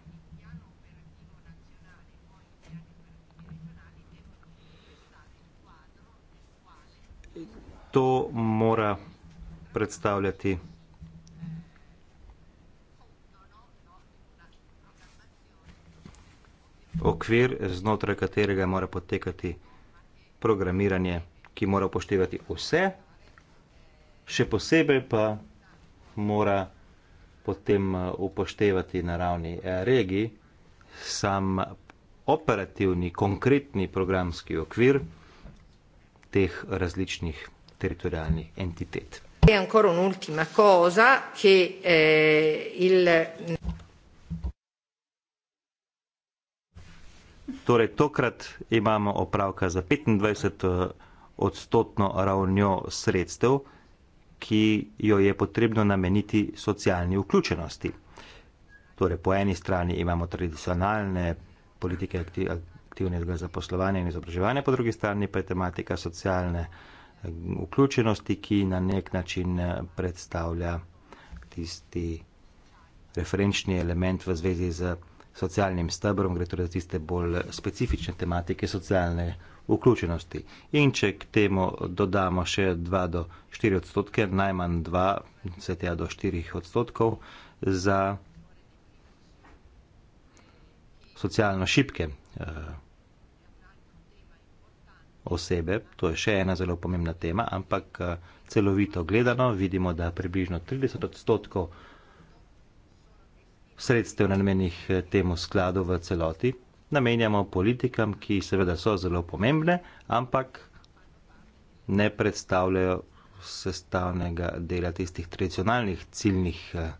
To mora predstavljati okvir, znotraj katerega mora potekati programiranje, ki mora upoštevati vse, še posebej pa mora potem eh, upoštevati na ravni eh, regiji sam operativni, konkretni programski okvir teh različnih teritorijalnih entitet. E ancora un'ultima cosa che eh, il Torej, tokrat imamo opravka za 25 eh, odstotno ravnjo sredstev, ki jo je potrebno nameniti socialni vključenosti. Torej, po eni strani imamo tradicionalne politike aktivnega zaposlovanja in izobraževanja, po drugi strani pa je tematika socialne eh, vključenosti, ki na nek način eh, predstavlja tisti referenčni element v zvezi z socialnim stebrom, gre torej za tiste bolj specifične tematike socialne vključenosti. In če k temu dodamo še 2 do 4 odstotke, najmanj 2, se teja do 4 odstotkov, za socialno šipke eh, osebe, to je še ena zelo pomembna tema, ampak eh, celovito gledano vidimo, da približno 30 odstotkov sredstev namenjenih eh, temu skladu v celoti namenjamo politikam, ki seveda so zelo pomembne, ampak ne predstavljajo sestavnega dela tistih tradicionalnih ciljnih eh,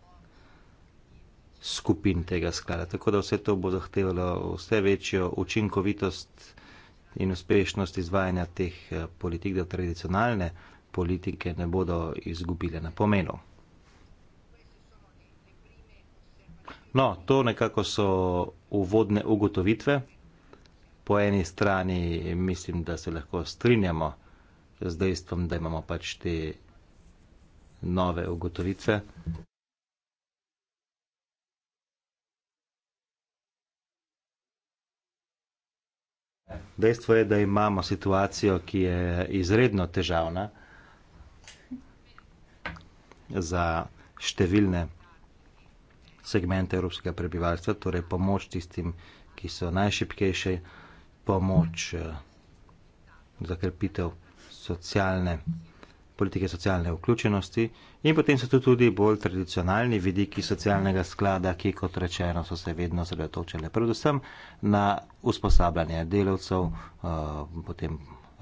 skupin tega sklada. Tako da vse to bo zahtevalo vse večjo učinkovitost in uspešnost izvajanja teh eh, politik, da tradicionalne politike ne bodo izgubile na pomenu. No, to nekako so uvodne ugotovitve. Po eni strani mislim, da se lahko strinjamo z dejstvom, da imamo pač te nove ugotovitve. Dejstvo je, da imamo situacijo, ki je izredno težavna za številne segmente evropskega prebivalstva, torej pomoč tistim, ki so najšipkejši, pomoč uh, za krepitev socialne politike, socialne vključenosti in potem so tu tudi bolj tradicionalni vidiki socialnega sklada, ki kot rečeno so se vedno sredotočili predvsem na usposabljanje delavcev, uh, potem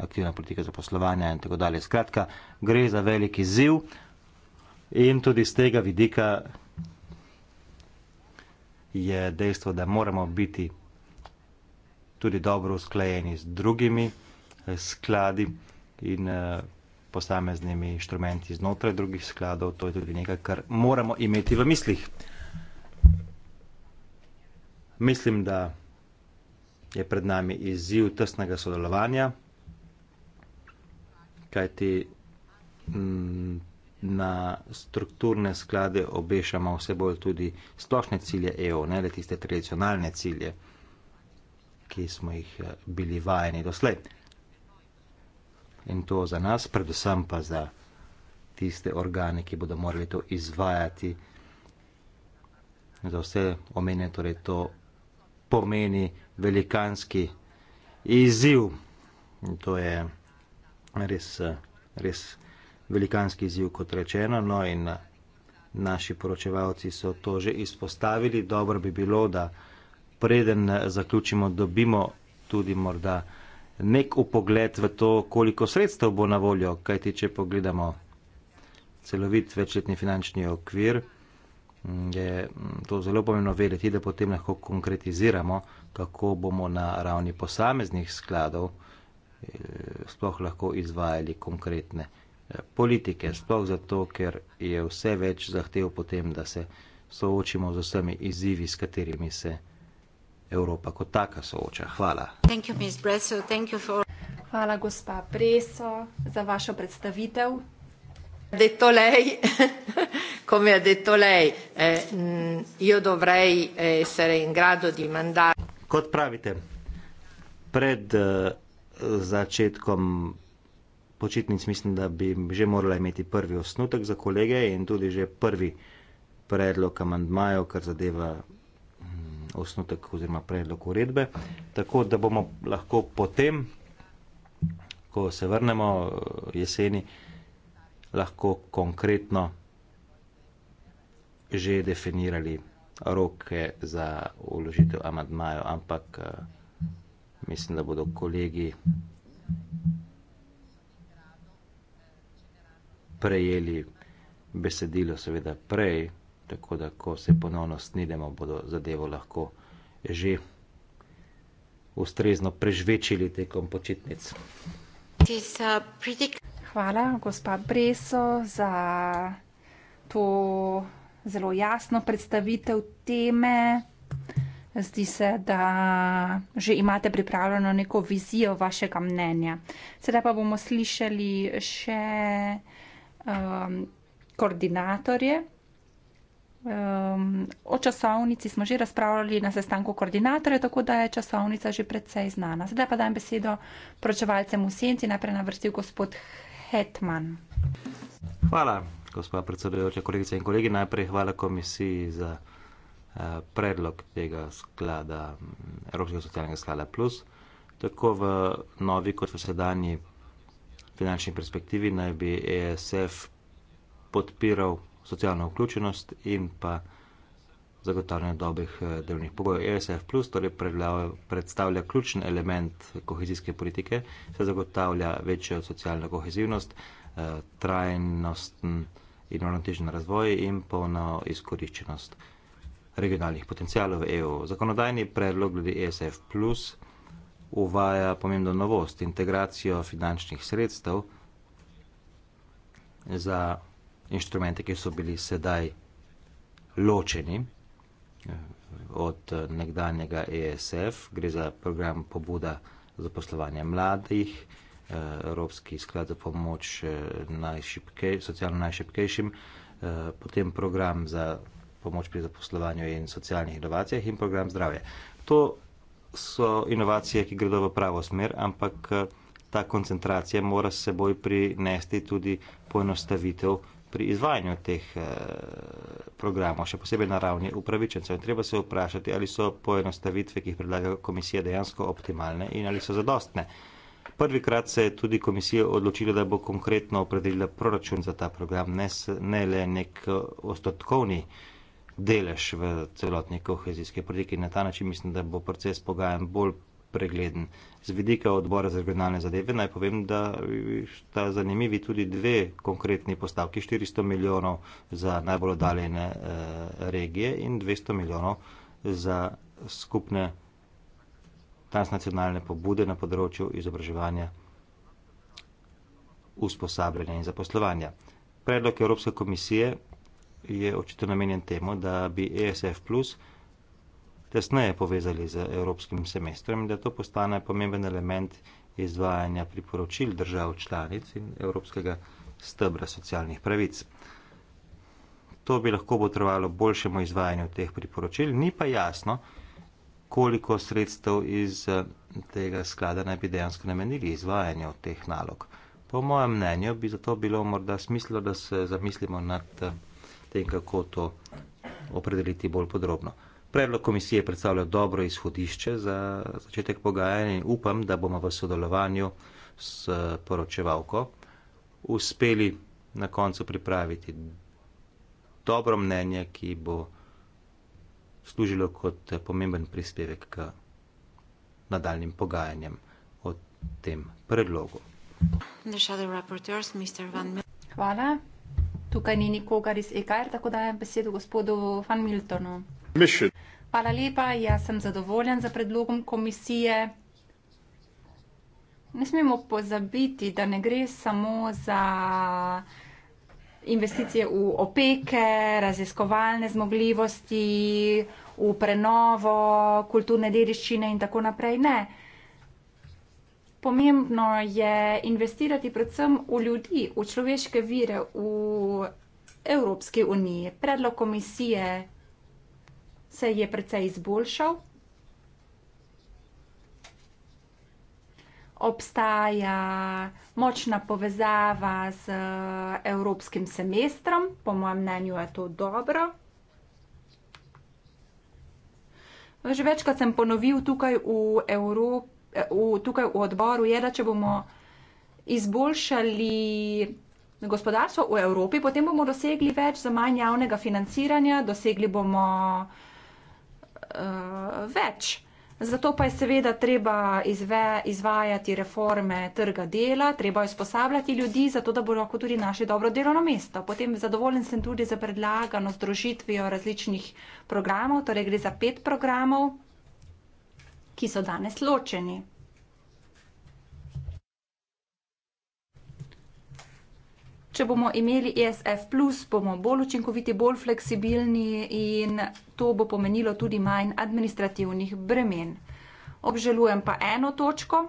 aktivna politika zaposlovanja in tako dalje. Skratka, gre za veliki ziv in tudi z tega vidika je dejstvo, da moramo biti tudi dobro usklajeni z drugimi eh, skladi in eh, posameznimi inštrumenti znotraj drugih skladov. To je tudi nekaj, kar moramo imeti v mislih. Mislim, da je pred nami izziv tesnega sodelovanja, kajti mm, na strukturne sklade obešamo vse bolj tudi splošne cilje EU, ne le tiste tradicionalne cilje, ki smo jih eh, bili vajeni doslej. In to za nas, predvsem pa za tiste organe, ki bodo morali to izvajati. Za vse omenje torej to pomeni velikanski izziv. In to je res, eh, res velikanski izziv, kot rečeno. No in naši poročevalci so to že izpostavili. Dobro bi bilo, da preden zaključimo, dobimo tudi morda nek upogled v to, koliko sredstev bo na voljo, kajti če pogledamo celovit večletni finančni okvir, mm, je mm, to zelo pomembno vedeti, da potem lahko konkretiziramo, kako bomo na ravni posameznih skladov eh, sploh lahko izvajali konkretne politike, sploh zato, ker je vse več zahtev potem, da se soočimo z vsemi izzivi, s katerimi se Evropa kot taka sooča. Hvala. You, for... Hvala, gospa Preso, za vašo predstavitev. Detto lei, come ha detto lei, eh, io dovrei essere eh, in grado di mandare. Kot pravite, pred eh, začetkom počitnic mislim, da bi že morala imeti prvi osnutek za kolege in tudi že prvi predlog amandmajev, kar zadeva mm, osnutek oziroma predlog uredbe. Tako da bomo lahko potem, ko se vrnemo eh, jeseni, lahko konkretno že definirali roke za uložitev amandmajev, ampak eh, mislim, da bodo kolegi prejeli besedilo, seveda prej, tako da, ko se ponovno snidemo, bodo zadevo lahko že ustrezno prežvečili tekom počitnic. Hvala, gospa Breso, za to zelo jasno predstavitev teme. Zdi se, da že imate pripravljeno neko vizijo vašega mnenja. Sedaj pa bomo slišali še um, koordinatorje. Um, o časovnici smo že razpravljali na sestanku koordinatorja, tako da je časovnica že predvsej znana. Sedaj pa dam besedo pročevalcem v senci, najprej na vrsti gospod Hetman. Hvala, gospod predsedujoča, kolegice in kolegi. Najprej hvala komisiji za eh, predlog tega sklada, Evropskega socialnega sklada Plus. Tako v novi kot v sedanji finančni perspektivi naj bi ESF podpiral socialno vključenost in pa zagotavljanje dobrih eh, delovnih pogojev. ESF plus torej predstavlja ključen element kohezijske politike, se zagotavlja večjo socialno kohezivnost, eh, trajnosten in uravnotežen razvoj in polno izkoriščenost regionalnih potencijalov EU. Zakonodajni predlog glede ESF plus uvaja pomembno novost, integracijo finančnih sredstev za inštrumente, ki so bili sedaj ločeni eh, od eh, nekdanjega ESF, gre za program pobuda za poslovanje mladih, eh, Evropski sklad za pomoč najšipkej, socialno najšipkejšim, potem program za pomoč pri zaposlovanju in socialnih inovacijah in program zdravje. To so inovacije, ki gredo v pravo smer, ampak eh, ta koncentracija mora seboj prinesti tudi poenostavitev pri izvajanju teh eh, programov, še posebej na ravni upravičencev. Treba se vprašati, ali so poenostavitve, ki jih predlaga komisija, dejansko optimalne in ali so zadostne. Prvikrat se je tudi komisija odločila, da bo konkretno opredelila proračun za ta program, ne, ne le nek eh, ostotkovni program delež v celotni kohezijski politiki. Na ta način mislim, da bo proces pogajanj bolj pregleden. Z vidika odbora za regionalne zadeve naj povem, da sta zanimivi tudi dve konkretni postavki, 400 milijonov za najbolj oddaljene eh, regije in 200 milijonov za skupne transnacionalne pobude na področju izobraževanja, usposabljanja in zaposlovanja. Predlog Evropske komisije je očitno namenjen temu, da bi ESF plus tesneje povezali z evropskim semestrom in da to postane pomemben element izvajanja priporočil držav članic in evropskega stebra socialnih pravic. To bi lahko potrebovalo boljšemu izvajanju teh priporočil, ni pa jasno, koliko sredstev iz tega sklada naj bi dejansko namenili izvajanju teh nalog. Po mojem mnenju bi zato bilo morda smislo, da se zamislimo nad tem, kako to opredeliti bolj podrobno. Predlog komisije predstavlja dobro izhodišče za začetek pogajanja in upam, da bomo v sodelovanju s poročevalko uspeli na koncu pripraviti dobro mnenje, ki bo služilo kot pomemben prispevek k nadaljnim pogajanjem o tem predlogu. Hvala. Tukaj ni nikogar iz EKR, tako dajem besedo gospodu Van Miltonu. Mission. Hvala lepa, jaz sem zadovoljen za predlogom komisije. Ne smemo pozabiti, da ne gre samo za investicije v opeke, raziskovalne zmogljivosti, v prenovo kulturne dediščine in tako naprej. Ne pomembno je investirati predvsem v ljudi, v človeške vire, v Evropski uniji. Predlog komisije se je precej izboljšal. Obstaja močna povezava z eh, evropskim semestrom, po mojem mnenju je to dobro. Že večkrat sem ponovil tukaj v Evropi v, tukaj v odboru, je, da če bomo izboljšali gospodarstvo v Evropi, potem bomo dosegli več za manj javnega financiranja, dosegli bomo uh, več. Zato pa je seveda treba izve, izvajati reforme trga dela, treba usposabljati ljudi, zato da bo lahko tudi naše dobro delovno mesto. Potem zadovoljen sem tudi za predlagano združitvijo različnih programov, torej gre za pet programov ki so danes ločeni. Če bomo imeli ESF+, bomo bolj učinkoviti, bolj fleksibilni in to bo pomenilo tudi manj administrativnih bremen. Obžalujem pa eno točko,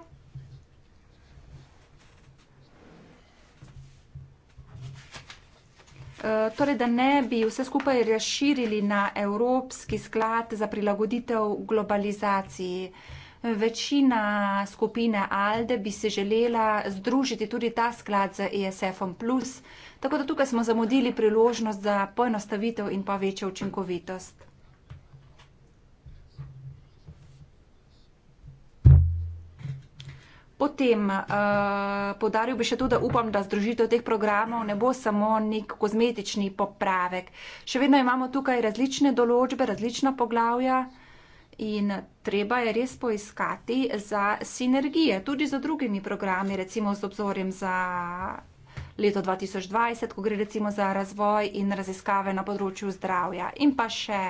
Eh, torej, da ne bi vse skupaj razširili na Evropski sklad za prilagoditev globalizaciji. Večina skupine ALDE bi se želela združiti tudi ta sklad z ESF-om, tako da tukaj smo zamudili priložnost za poenostavitev in pa večjo učinkovitost. Potem uh, eh, podaril bi še to, da upam, da združitev teh programov ne bo samo nek kozmetični popravek. Še vedno imamo tukaj različne določbe, različna poglavja in treba je res poiskati za sinergije, tudi za drugimi programi, recimo z obzorjem za leto 2020, ko gre recimo za razvoj in raziskave na področju zdravja. In pa še.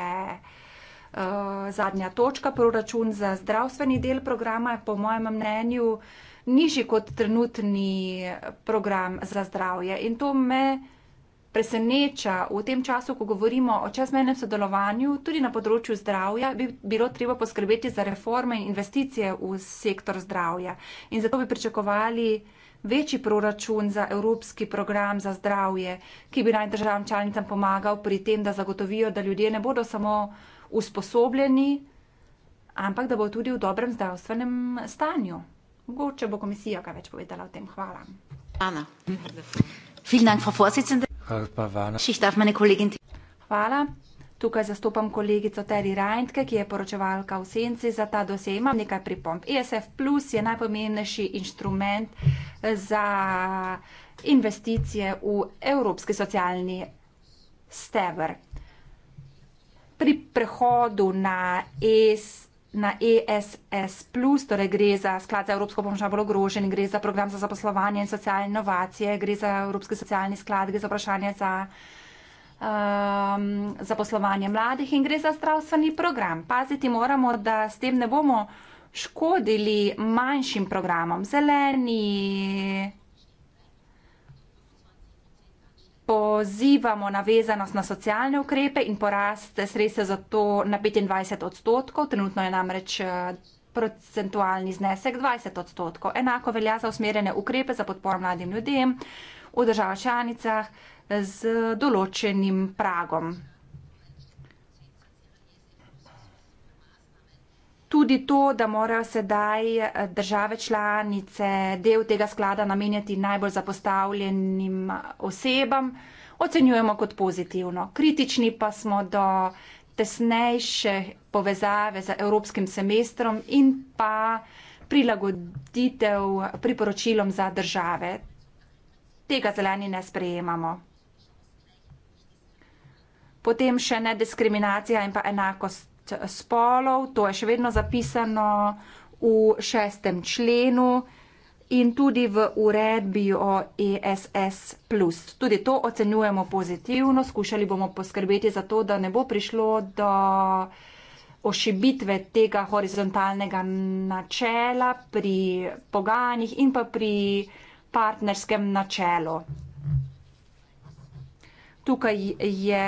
Eh, zadnja točka, proračun za zdravstveni del programa, po mojem mnenju, nižji kot trenutni program za zdravje. In to me preseneča v tem času, ko govorimo o čezmenem sodelovanju, tudi na področju zdravja, bi bilo treba poskrbeti za reforme in investicije v sektor zdravja. In zato bi pričakovali večji proračun za evropski program za zdravje, ki bi naj državam članicam pomagal pri tem, da zagotovijo, da ljudje ne bodo samo uh, usposobljeni, ampak da bo tudi v dobrem zdravstvenem stanju. Mogoče bo komisija kaj več povedala o tem. Hvala. Ana. Vielen Dank, Frau Vorsitzende. Ich darf meine Kollegin. Hvala. Tukaj zastopam kolegico Teri Reintke, ki je poročevalka v Senci za ta dosej. Imam nekaj pripomb. ESF Plus je najpomembnejši inštrument za investicije v evropski socialni steber pri prehodu na ES. Na ESS, torej gre za sklad za Evropsko pomoč najbolj ogrožen, gre za program za zaposlovanje in socialne inovacije, gre za Evropski socialni sklad, gre za vprašanje za um, zaposlovanje mladih in gre za zdravstveni program. Paziti moramo, da s tem ne bomo škodili manjšim programom, zeleni, pozivamo navezanost na socialne ukrepe in porast sredstev za to na 25 odstotkov, trenutno je namreč eh, procentualni znesek 20 odstotkov. Enako velja za usmerjene ukrepe za podporo mladim ljudem v državah članicah eh, z določenim pragom. Tudi to, da morajo sedaj eh, države članice del tega sklada namenjati najbolj zapostavljenim eh, osebam, ocenjujemo kot pozitivno. Kritični pa smo do tesnejše povezave z evropskim semestrom in pa prilagoditev priporočilom za države. Tega zeleni ne sprejemamo. Potem še nediskriminacija in pa enakost spolov, to je še vedno zapisano v šestem členu in tudi v uredbi o ESS. Tudi to ocenjujemo pozitivno, skušali bomo poskrbeti za to, da ne bo prišlo do ošibitve tega horizontalnega načela pri pogajanjih in pa pri partnerskem načelu. Tukaj je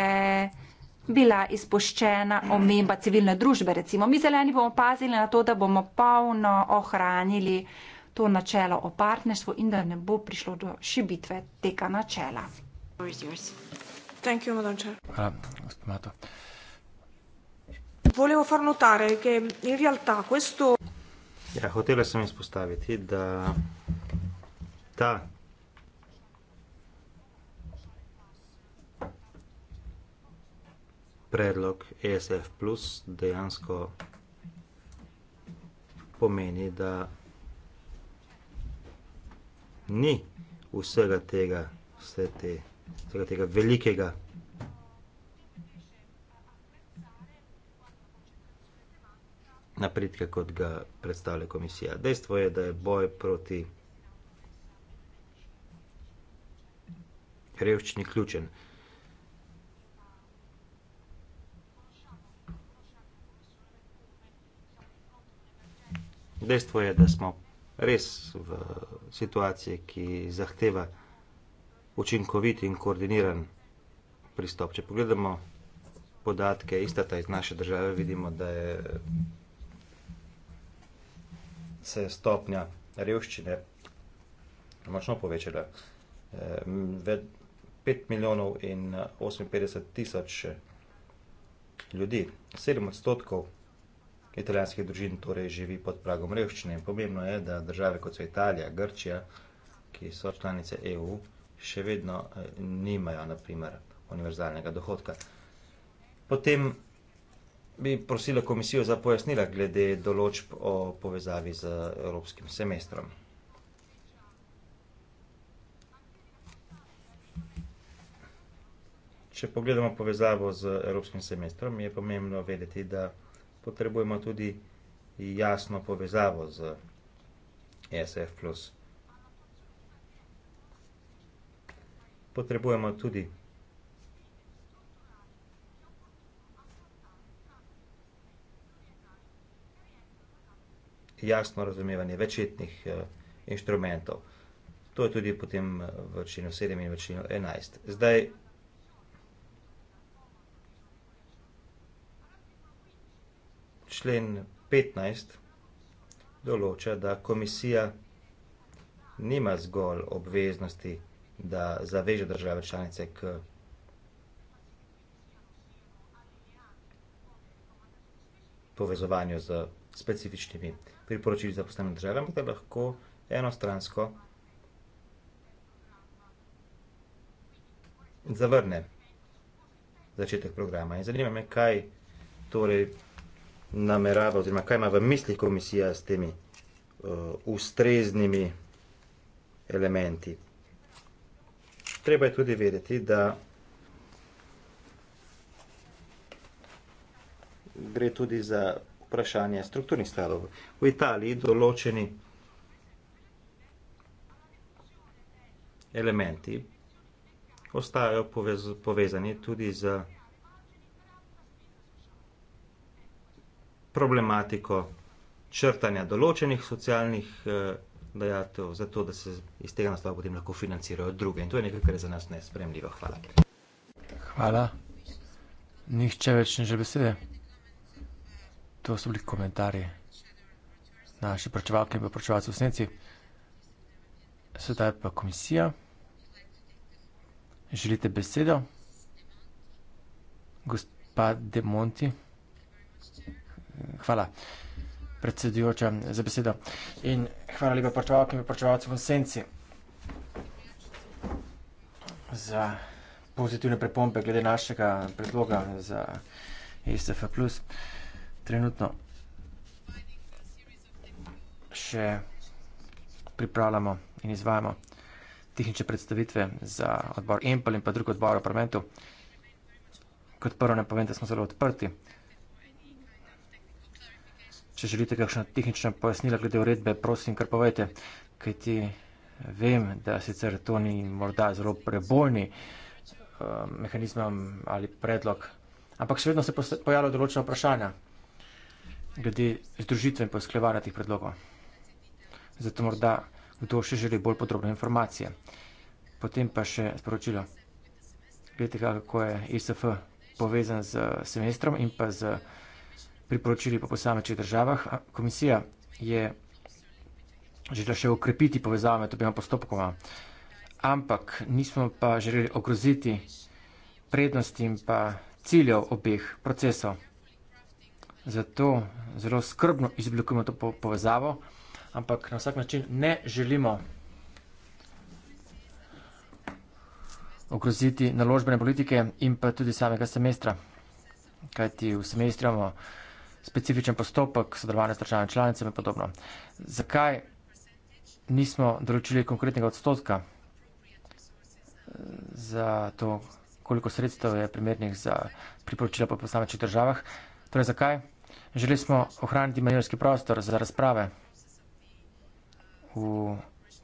bila izpuščena omemba civilne družbe. Recimo. Mi zeleni bomo pazili na to, da bomo polno ohranili to načelo o partnerstvu in da ne bo prišlo do šibitve tega načela. Hvala, gospod Mato. Volevo far notare, che in realtà questo. Ja, hotela sem izpostaviti, da ta predlog ESF plus dejansko pomeni, da ni vsega tega, vse te, vsega tega velikega napredka, kot ga predstavlja komisija. Dejstvo je, da je boj proti revščini ključen. Dejstvo je, da smo res v situaciji, ki zahteva učinkovit in koordiniran pristop. Če pogledamo podatke istata iz naše države, vidimo, da je se je stopnja revščine močno povečala. E, eh, 5 milijonov in 58 tisoč ljudi, 7 odstotkov italijanskih družin torej živi pod pragom revščine. Pomembno je, da države kot so Italija, Grčija, ki so članice EU, še vedno eh, nimajo, naprimer, univerzalnega dohodka. Potem bi prosila komisijo za pojasnila glede določb o povezavi z evropskim semestrom. Če pogledamo povezavo z evropskim semestrom, je pomembno vedeti, da potrebujemo tudi jasno povezavo z e SF+. Potrebujemo tudi jasno razumevanje večetnih eh, inštrumentov. To je tudi potem v činu 7 in v činu 11. Zdaj, člen 15 določa, da komisija nima zgolj obveznosti, da zaveže države članice k povezovanju z specifičnimi priporočili za posebne države, ampak da lahko enostransko zavrne začetek programa. In zanima me, kaj torej namerava, oziroma kaj ima v mislih komisija s temi uh, ustreznimi elementi. Treba je tudi vedeti, da gre tudi za vprašanje strukturnih stavov. V Italiji določeni elementi ostajajo povez povezani tudi za problematiko črtanja določenih socialnih eh, dajatev, zato da se iz tega naslova potem lahko financirajo druge. In to je nekaj, kar je za nas nespremljivo. Hvala. Hvala. Nihče več ne želi besede. To so bili komentarji naše pročevalke in pročevalce v snici. Sedaj pa komisija. Želite besedo? Gospa De Monti. Thank you. Hvala, predsedujoča, za besedo. In hvala lepa poročevalkam in poročevalcem v senci za pozitivne prepombe glede našega predloga za ESF. Trenutno še pripravljamo in izvajamo tehnične predstavitve za odbor EMPL in pa drug odbor v parlamentu. Kot prvo naj povem, da smo zelo odprti. Če želite kakšno tehnično pojasnilo glede uredbe, prosim, kar povejte, kaj ti vem, da sicer to ni morda zelo prebojni eh, mehanizmom ali predlog, ampak še vedno se pojavlja določena vprašanja glede združitve in posklevanja teh predlogov. Zato morda kdo še želi bolj podrobne informacije. Potem pa še sporočilo. Vidite, kako je ISF povezan z semestrom in pa z priporočili po posamečnih državah. Komisija je želela še ukrepiti povezave med obima postopkoma, ampak nismo pa želeli ogroziti prednosti in pa ciljev obeh procesov. Zato zelo skrbno izblikujemo to povezavo, ampak na vsak način ne želimo ogroziti naložbene politike in pa tudi samega semestra, kajti v semestru imamo specifičen postopek, sodelovanje s državami članicami in podobno. Zakaj nismo določili konkretnega odstotka eh, za to, koliko sredstev je primernih za priporočila po posamečnih državah? Torej, zakaj? Želeli smo ohraniti majorski prostor za razprave v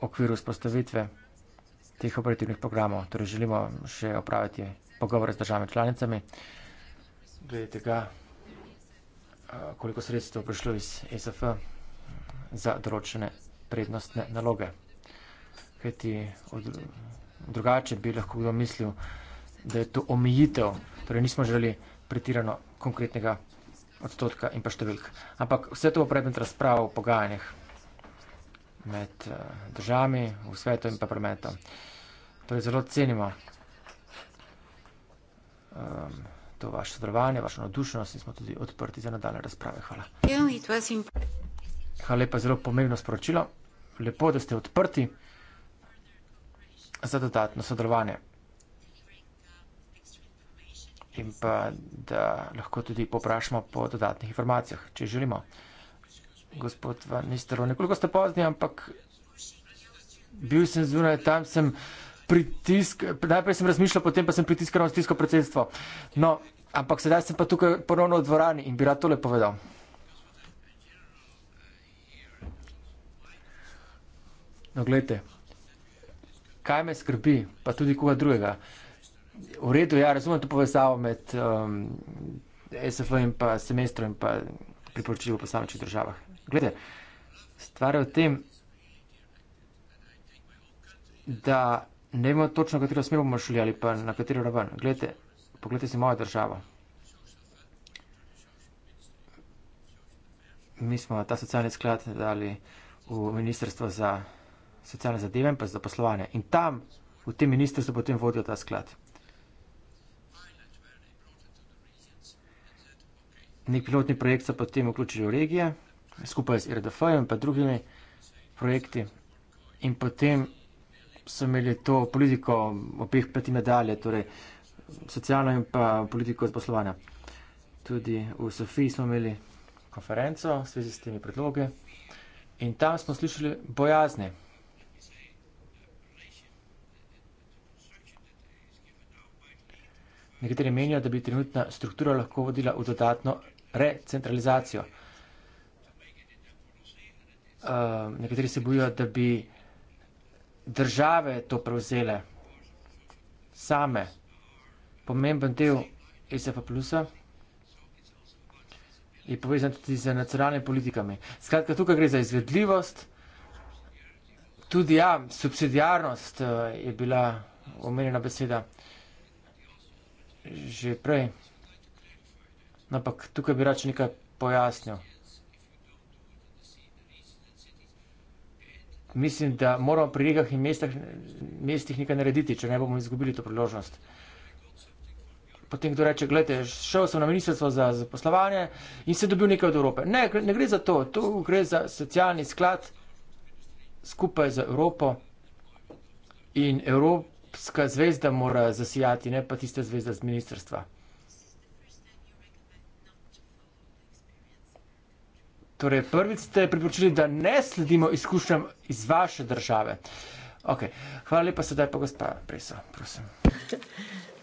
okviru spostavitve teh operativnih programov. Torej, želimo še opraviti pogovore z državami članicami. Glede tega, Eh, koliko sredstev prišlo iz ESF eh, za določene prednostne naloge. Kajti od, drugače bi lahko kdo mislil, da je to omejitev, torej nismo želeli pretirano konkretnega odstotka in pa številk. Ampak vse to bo predmet razprav v pogajanjih med eh, državami, v svetu in pa parlamentom. Torej zelo cenimo. Um, to vaše sodelovanje, vašo navdušenost in smo tudi odprti za nadaljne razprave. Hvala. Hvala lepa, zelo pomembno sporočilo. Lepo, da ste odprti za dodatno sodelovanje. In pa, da lahko tudi poprašamo po dodatnih informacijah, če želimo. Gospod Van Nistelrooy, nekoliko ste pozni, ampak bil sem zunaj, tam sem pritisk, najprej sem razmišljal, potem pa sem pritiskal na stisko predsedstva. No, ampak sedaj sem pa tukaj ponovno v dvorani in bi rad tole povedal. No, gledajte, kaj me skrbi, pa tudi koga drugega. V redu, ja, razumem to povezavo med um, SF in pa semestrom in pa priporočil v posamečnih državah. Glede, stvar je v tem, da ne vemo točno, na katero smer bomo šli ali pa na katero raven. Glejte, poglejte si mojo državo. Mi smo ta socialni sklad dali v Ministrstvo za socialne zadeve in pa za poslovanje. In tam, v tem ministrstvu, potem vodijo ta sklad. Nek pilotni projekt so potem vključili v regije, skupaj z RDF-jem in pa drugimi projekti. In potem so imeli to politiko obeh peti medalje, torej socialno in pa politiko zaposlovanja. Tudi v Sofiji smo imeli konferenco v svezi s temi predloge in tam smo slišali bojazne. Nekateri menijo, da bi trenutna struktura lahko vodila v dodatno recentralizacijo. Uh, nekateri se bojijo, da bi države to prevzele same. Pomemben del SFA plusa je povezan tudi z nacionalnimi politikami. Skratka, tukaj gre za izvedljivost, tudi ja, subsidijarnost eh, je bila omenjena beseda že prej, no, ampak tukaj bi rač nekaj pojasnil. mislim, da moramo pri regah in mestah, mestih nekaj narediti, če ne bomo izgubili to priložnost. Potem kdo reče, gledajte, šel sem na ministrstvo za zaposlovanje in se dobil nekaj od Evrope. Ne, ne gre za to. To gre za socialni sklad skupaj z Evropo in Evropska zvezda mora zasijati, ne pa tista zvezda z ministrstva. Torej, prvič ste priporočili, da ne sledimo izkušnjam iz vaše države. Okay. Hvala lepa, sedaj pa gospa Preso, prosim.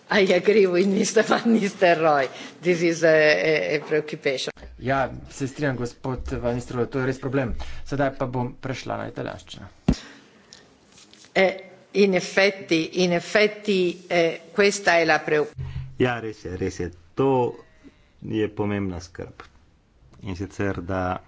A je krivo in niste pa niste roj. This is a, a, a preoccupation. Ja, se strinjam, gospod Vanistro, to je res problem. Sedaj pa bom prešla na italijanščino. Eh, in effetti, in effetti, eh, questa è la preoccupazione. Ja, res je, res je. To je pomembna skrb in sicer da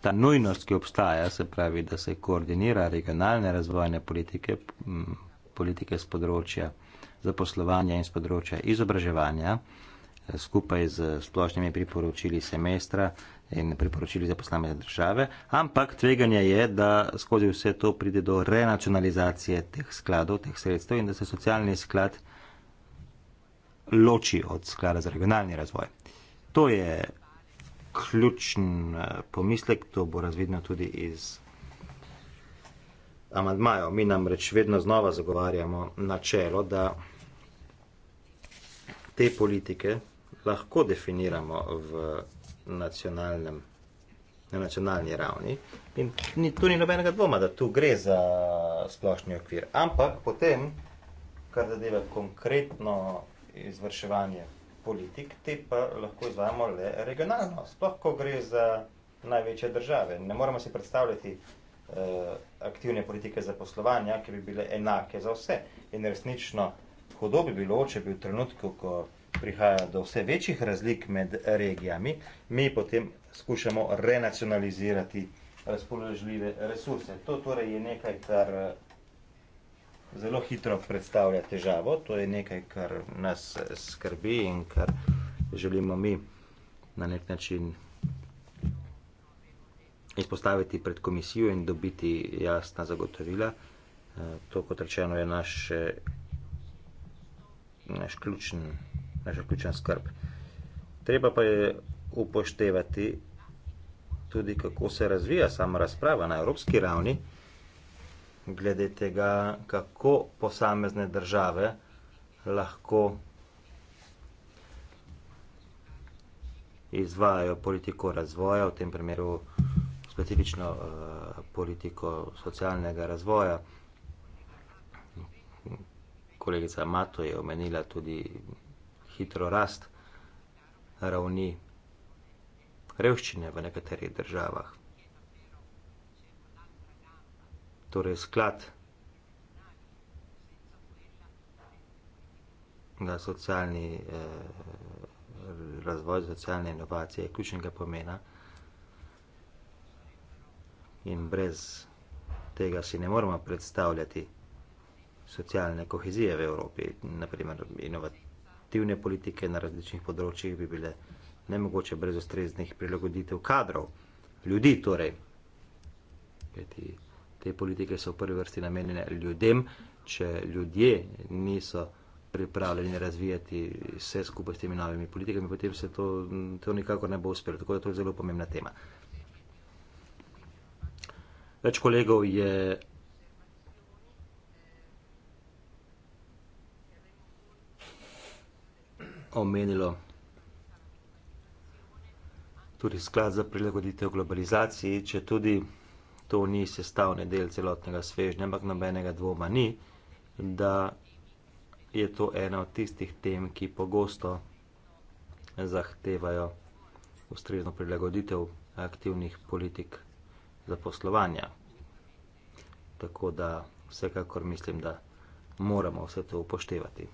ta nujnost, ki obstaja, se pravi, da se koordinira regionalne razvojne politike, politike z področja zaposlovanja in z področja izobraževanja, eh, skupaj z splošnimi priporočili semestra, in priporočili za posamezne države, ampak tveganje je, da skozi vse to pride do renacionalizacije teh skladov, teh sredstev in da se socialni sklad loči od sklada za regionalni razvoj. To je ključen eh, pomislek, to bo razvidno tudi iz amadmajo. Mi nam reč vedno znova zagovarjamo načelo, da te politike lahko definiramo v nacionalnem, na nacionalni ravni. In ni, tu ni nobenega dvoma, da tu gre za splošni okvir. Ampak potem, kar zadeva konkretno izvrševanje politik, te pa lahko izvajamo le regionalno. Sploh, ko gre za največje države. Ne moramo si predstavljati eh, aktivne politike zaposlovanja, ki bi bile enake za vse. In resnično hudo bi bilo, če bi v trenutku, ko prihaja do vse večjih razlik med regijami, mi potem skušamo renacionalizirati razpoložljive resurse. To torej je nekaj, kar eh, zelo hitro predstavlja težavo, to je nekaj, kar nas eh, skrbi in kar želimo mi na nek način izpostaviti pred komisijo in dobiti jasna zagotovila. Eh, to, kot rečeno, je naš, naš ključni naš vključen skrb. Treba pa je upoštevati tudi, kako se razvija sama razprava na evropski ravni, glede tega, kako posamezne države lahko izvajajo politiko razvoja, v tem primeru specifično uh, politiko socialnega razvoja. Kolegica Mato je omenila tudi hitro rast ravni revščine v nekaterih državah. Torej sklad na socialni eh, razvoj, socialne inovacije je ključnega pomena in brez tega si ne moremo predstavljati socialne kohezije v Evropi, naprimer inovativne aktivne politike na različnih področjih bi bile nemogoče brez ustreznih prilagoditev kadrov, ljudi torej. Kajti te politike so v prvi vrsti namenjene ljudem, če ljudje niso pripravljeni razvijati vse skupaj s temi novimi politikami, potem se to, to nikako ne bo uspelo. Tako da to je zelo pomembna tema. Več kolegov je omenilo tudi sklad za prilagoditev globalizaciji, če tudi to ni sestavni del celotnega svežnja, ampak nobenega dvoma ni, da je to ena od tistih tem, ki pogosto zahtevajo ustrezno prilagoditev aktivnih politik za poslovanja. Tako da vsekakor mislim, da moramo vse to upoštevati.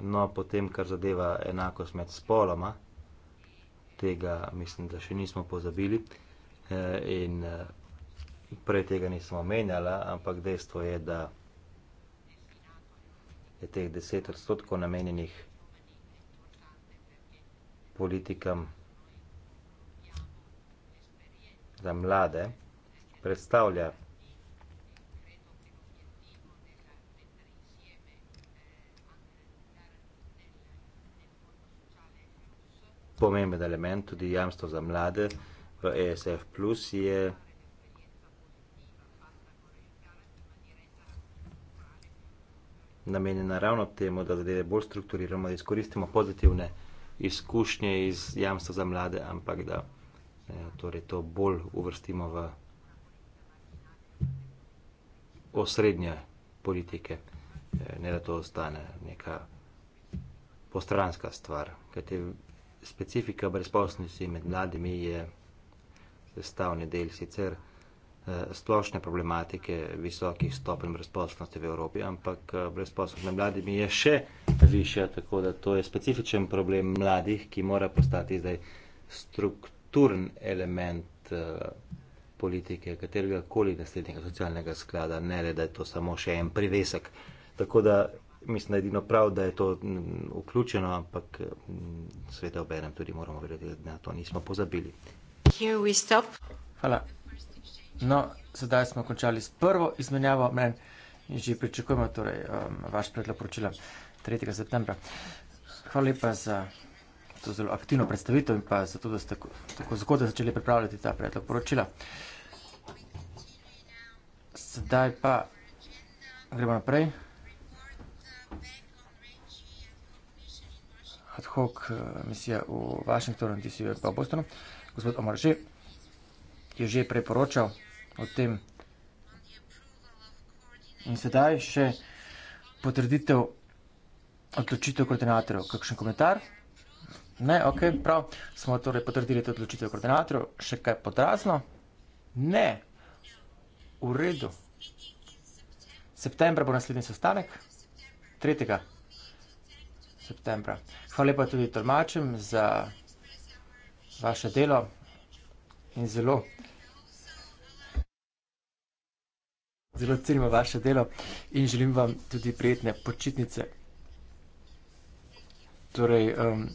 No, potem, kar zadeva enakost med spoloma, tega mislim, da še nismo pozabili eh, in eh, prej tega nismo omenjali, ampak dejstvo je, da je teh deset odstotkov namenjenih politikam za mlade predstavlja pomemben element, tudi jamstvo za mlade v ESF, je namenjeno ravno temu, da zadeve bolj strukturiramo, da izkoristimo pozitivne izkušnje iz jamstva za mlade, ampak da ne, eh, torej to bolj uvrstimo v osrednje politike, eh, ne da to ostane neka postranska stvar, kajte specifika brezposobnosti med mladimi je sestavni del sicer eh, splošne problematike visokih stopenj brezposobnosti v Evropi, ampak eh, brezposobnost med mladimi je še više, tako da to je specifičen problem mladih, ki mora postati zdaj strukturn element eh, politike katerega koli naslednjega socialnega sklada, ne le da je to samo še en privesek. Tako da mislim, da je edino prav, da je to mm, vključeno, ampak mm, sveda obenem tudi moramo verjeti, da na to nismo pozabili. Hvala. No, sedaj smo končali s prvo izmenjavo mnenj in že pričakujemo torej, um, vaš predlog poročila 3. septembra. Hvala lepa za to zelo aktivno predstavitev in pa za to, da ste tako, tako zgodaj začeli pripravljati ta predlog poročila. Sedaj pa gremo naprej. Hok, eh, misija v Washingtonu, ti si jo pa v Bostonu. Gospod Omar že je že preporočal o tem in sedaj še potrditev odločitev koordinatorjev. Kakšen komentar? Ne, ok, prav. Smo torej potrdili to odločitev koordinatorjev. Še kaj podrazno? Ne. V redu. Septembra bo naslednji sestanek. 3. septembra. Hvala lepa tudi tolmačem za vaše delo in zelo. Zelo cenimo vaše delo in želim vam tudi prijetne počitnice. Torej, um,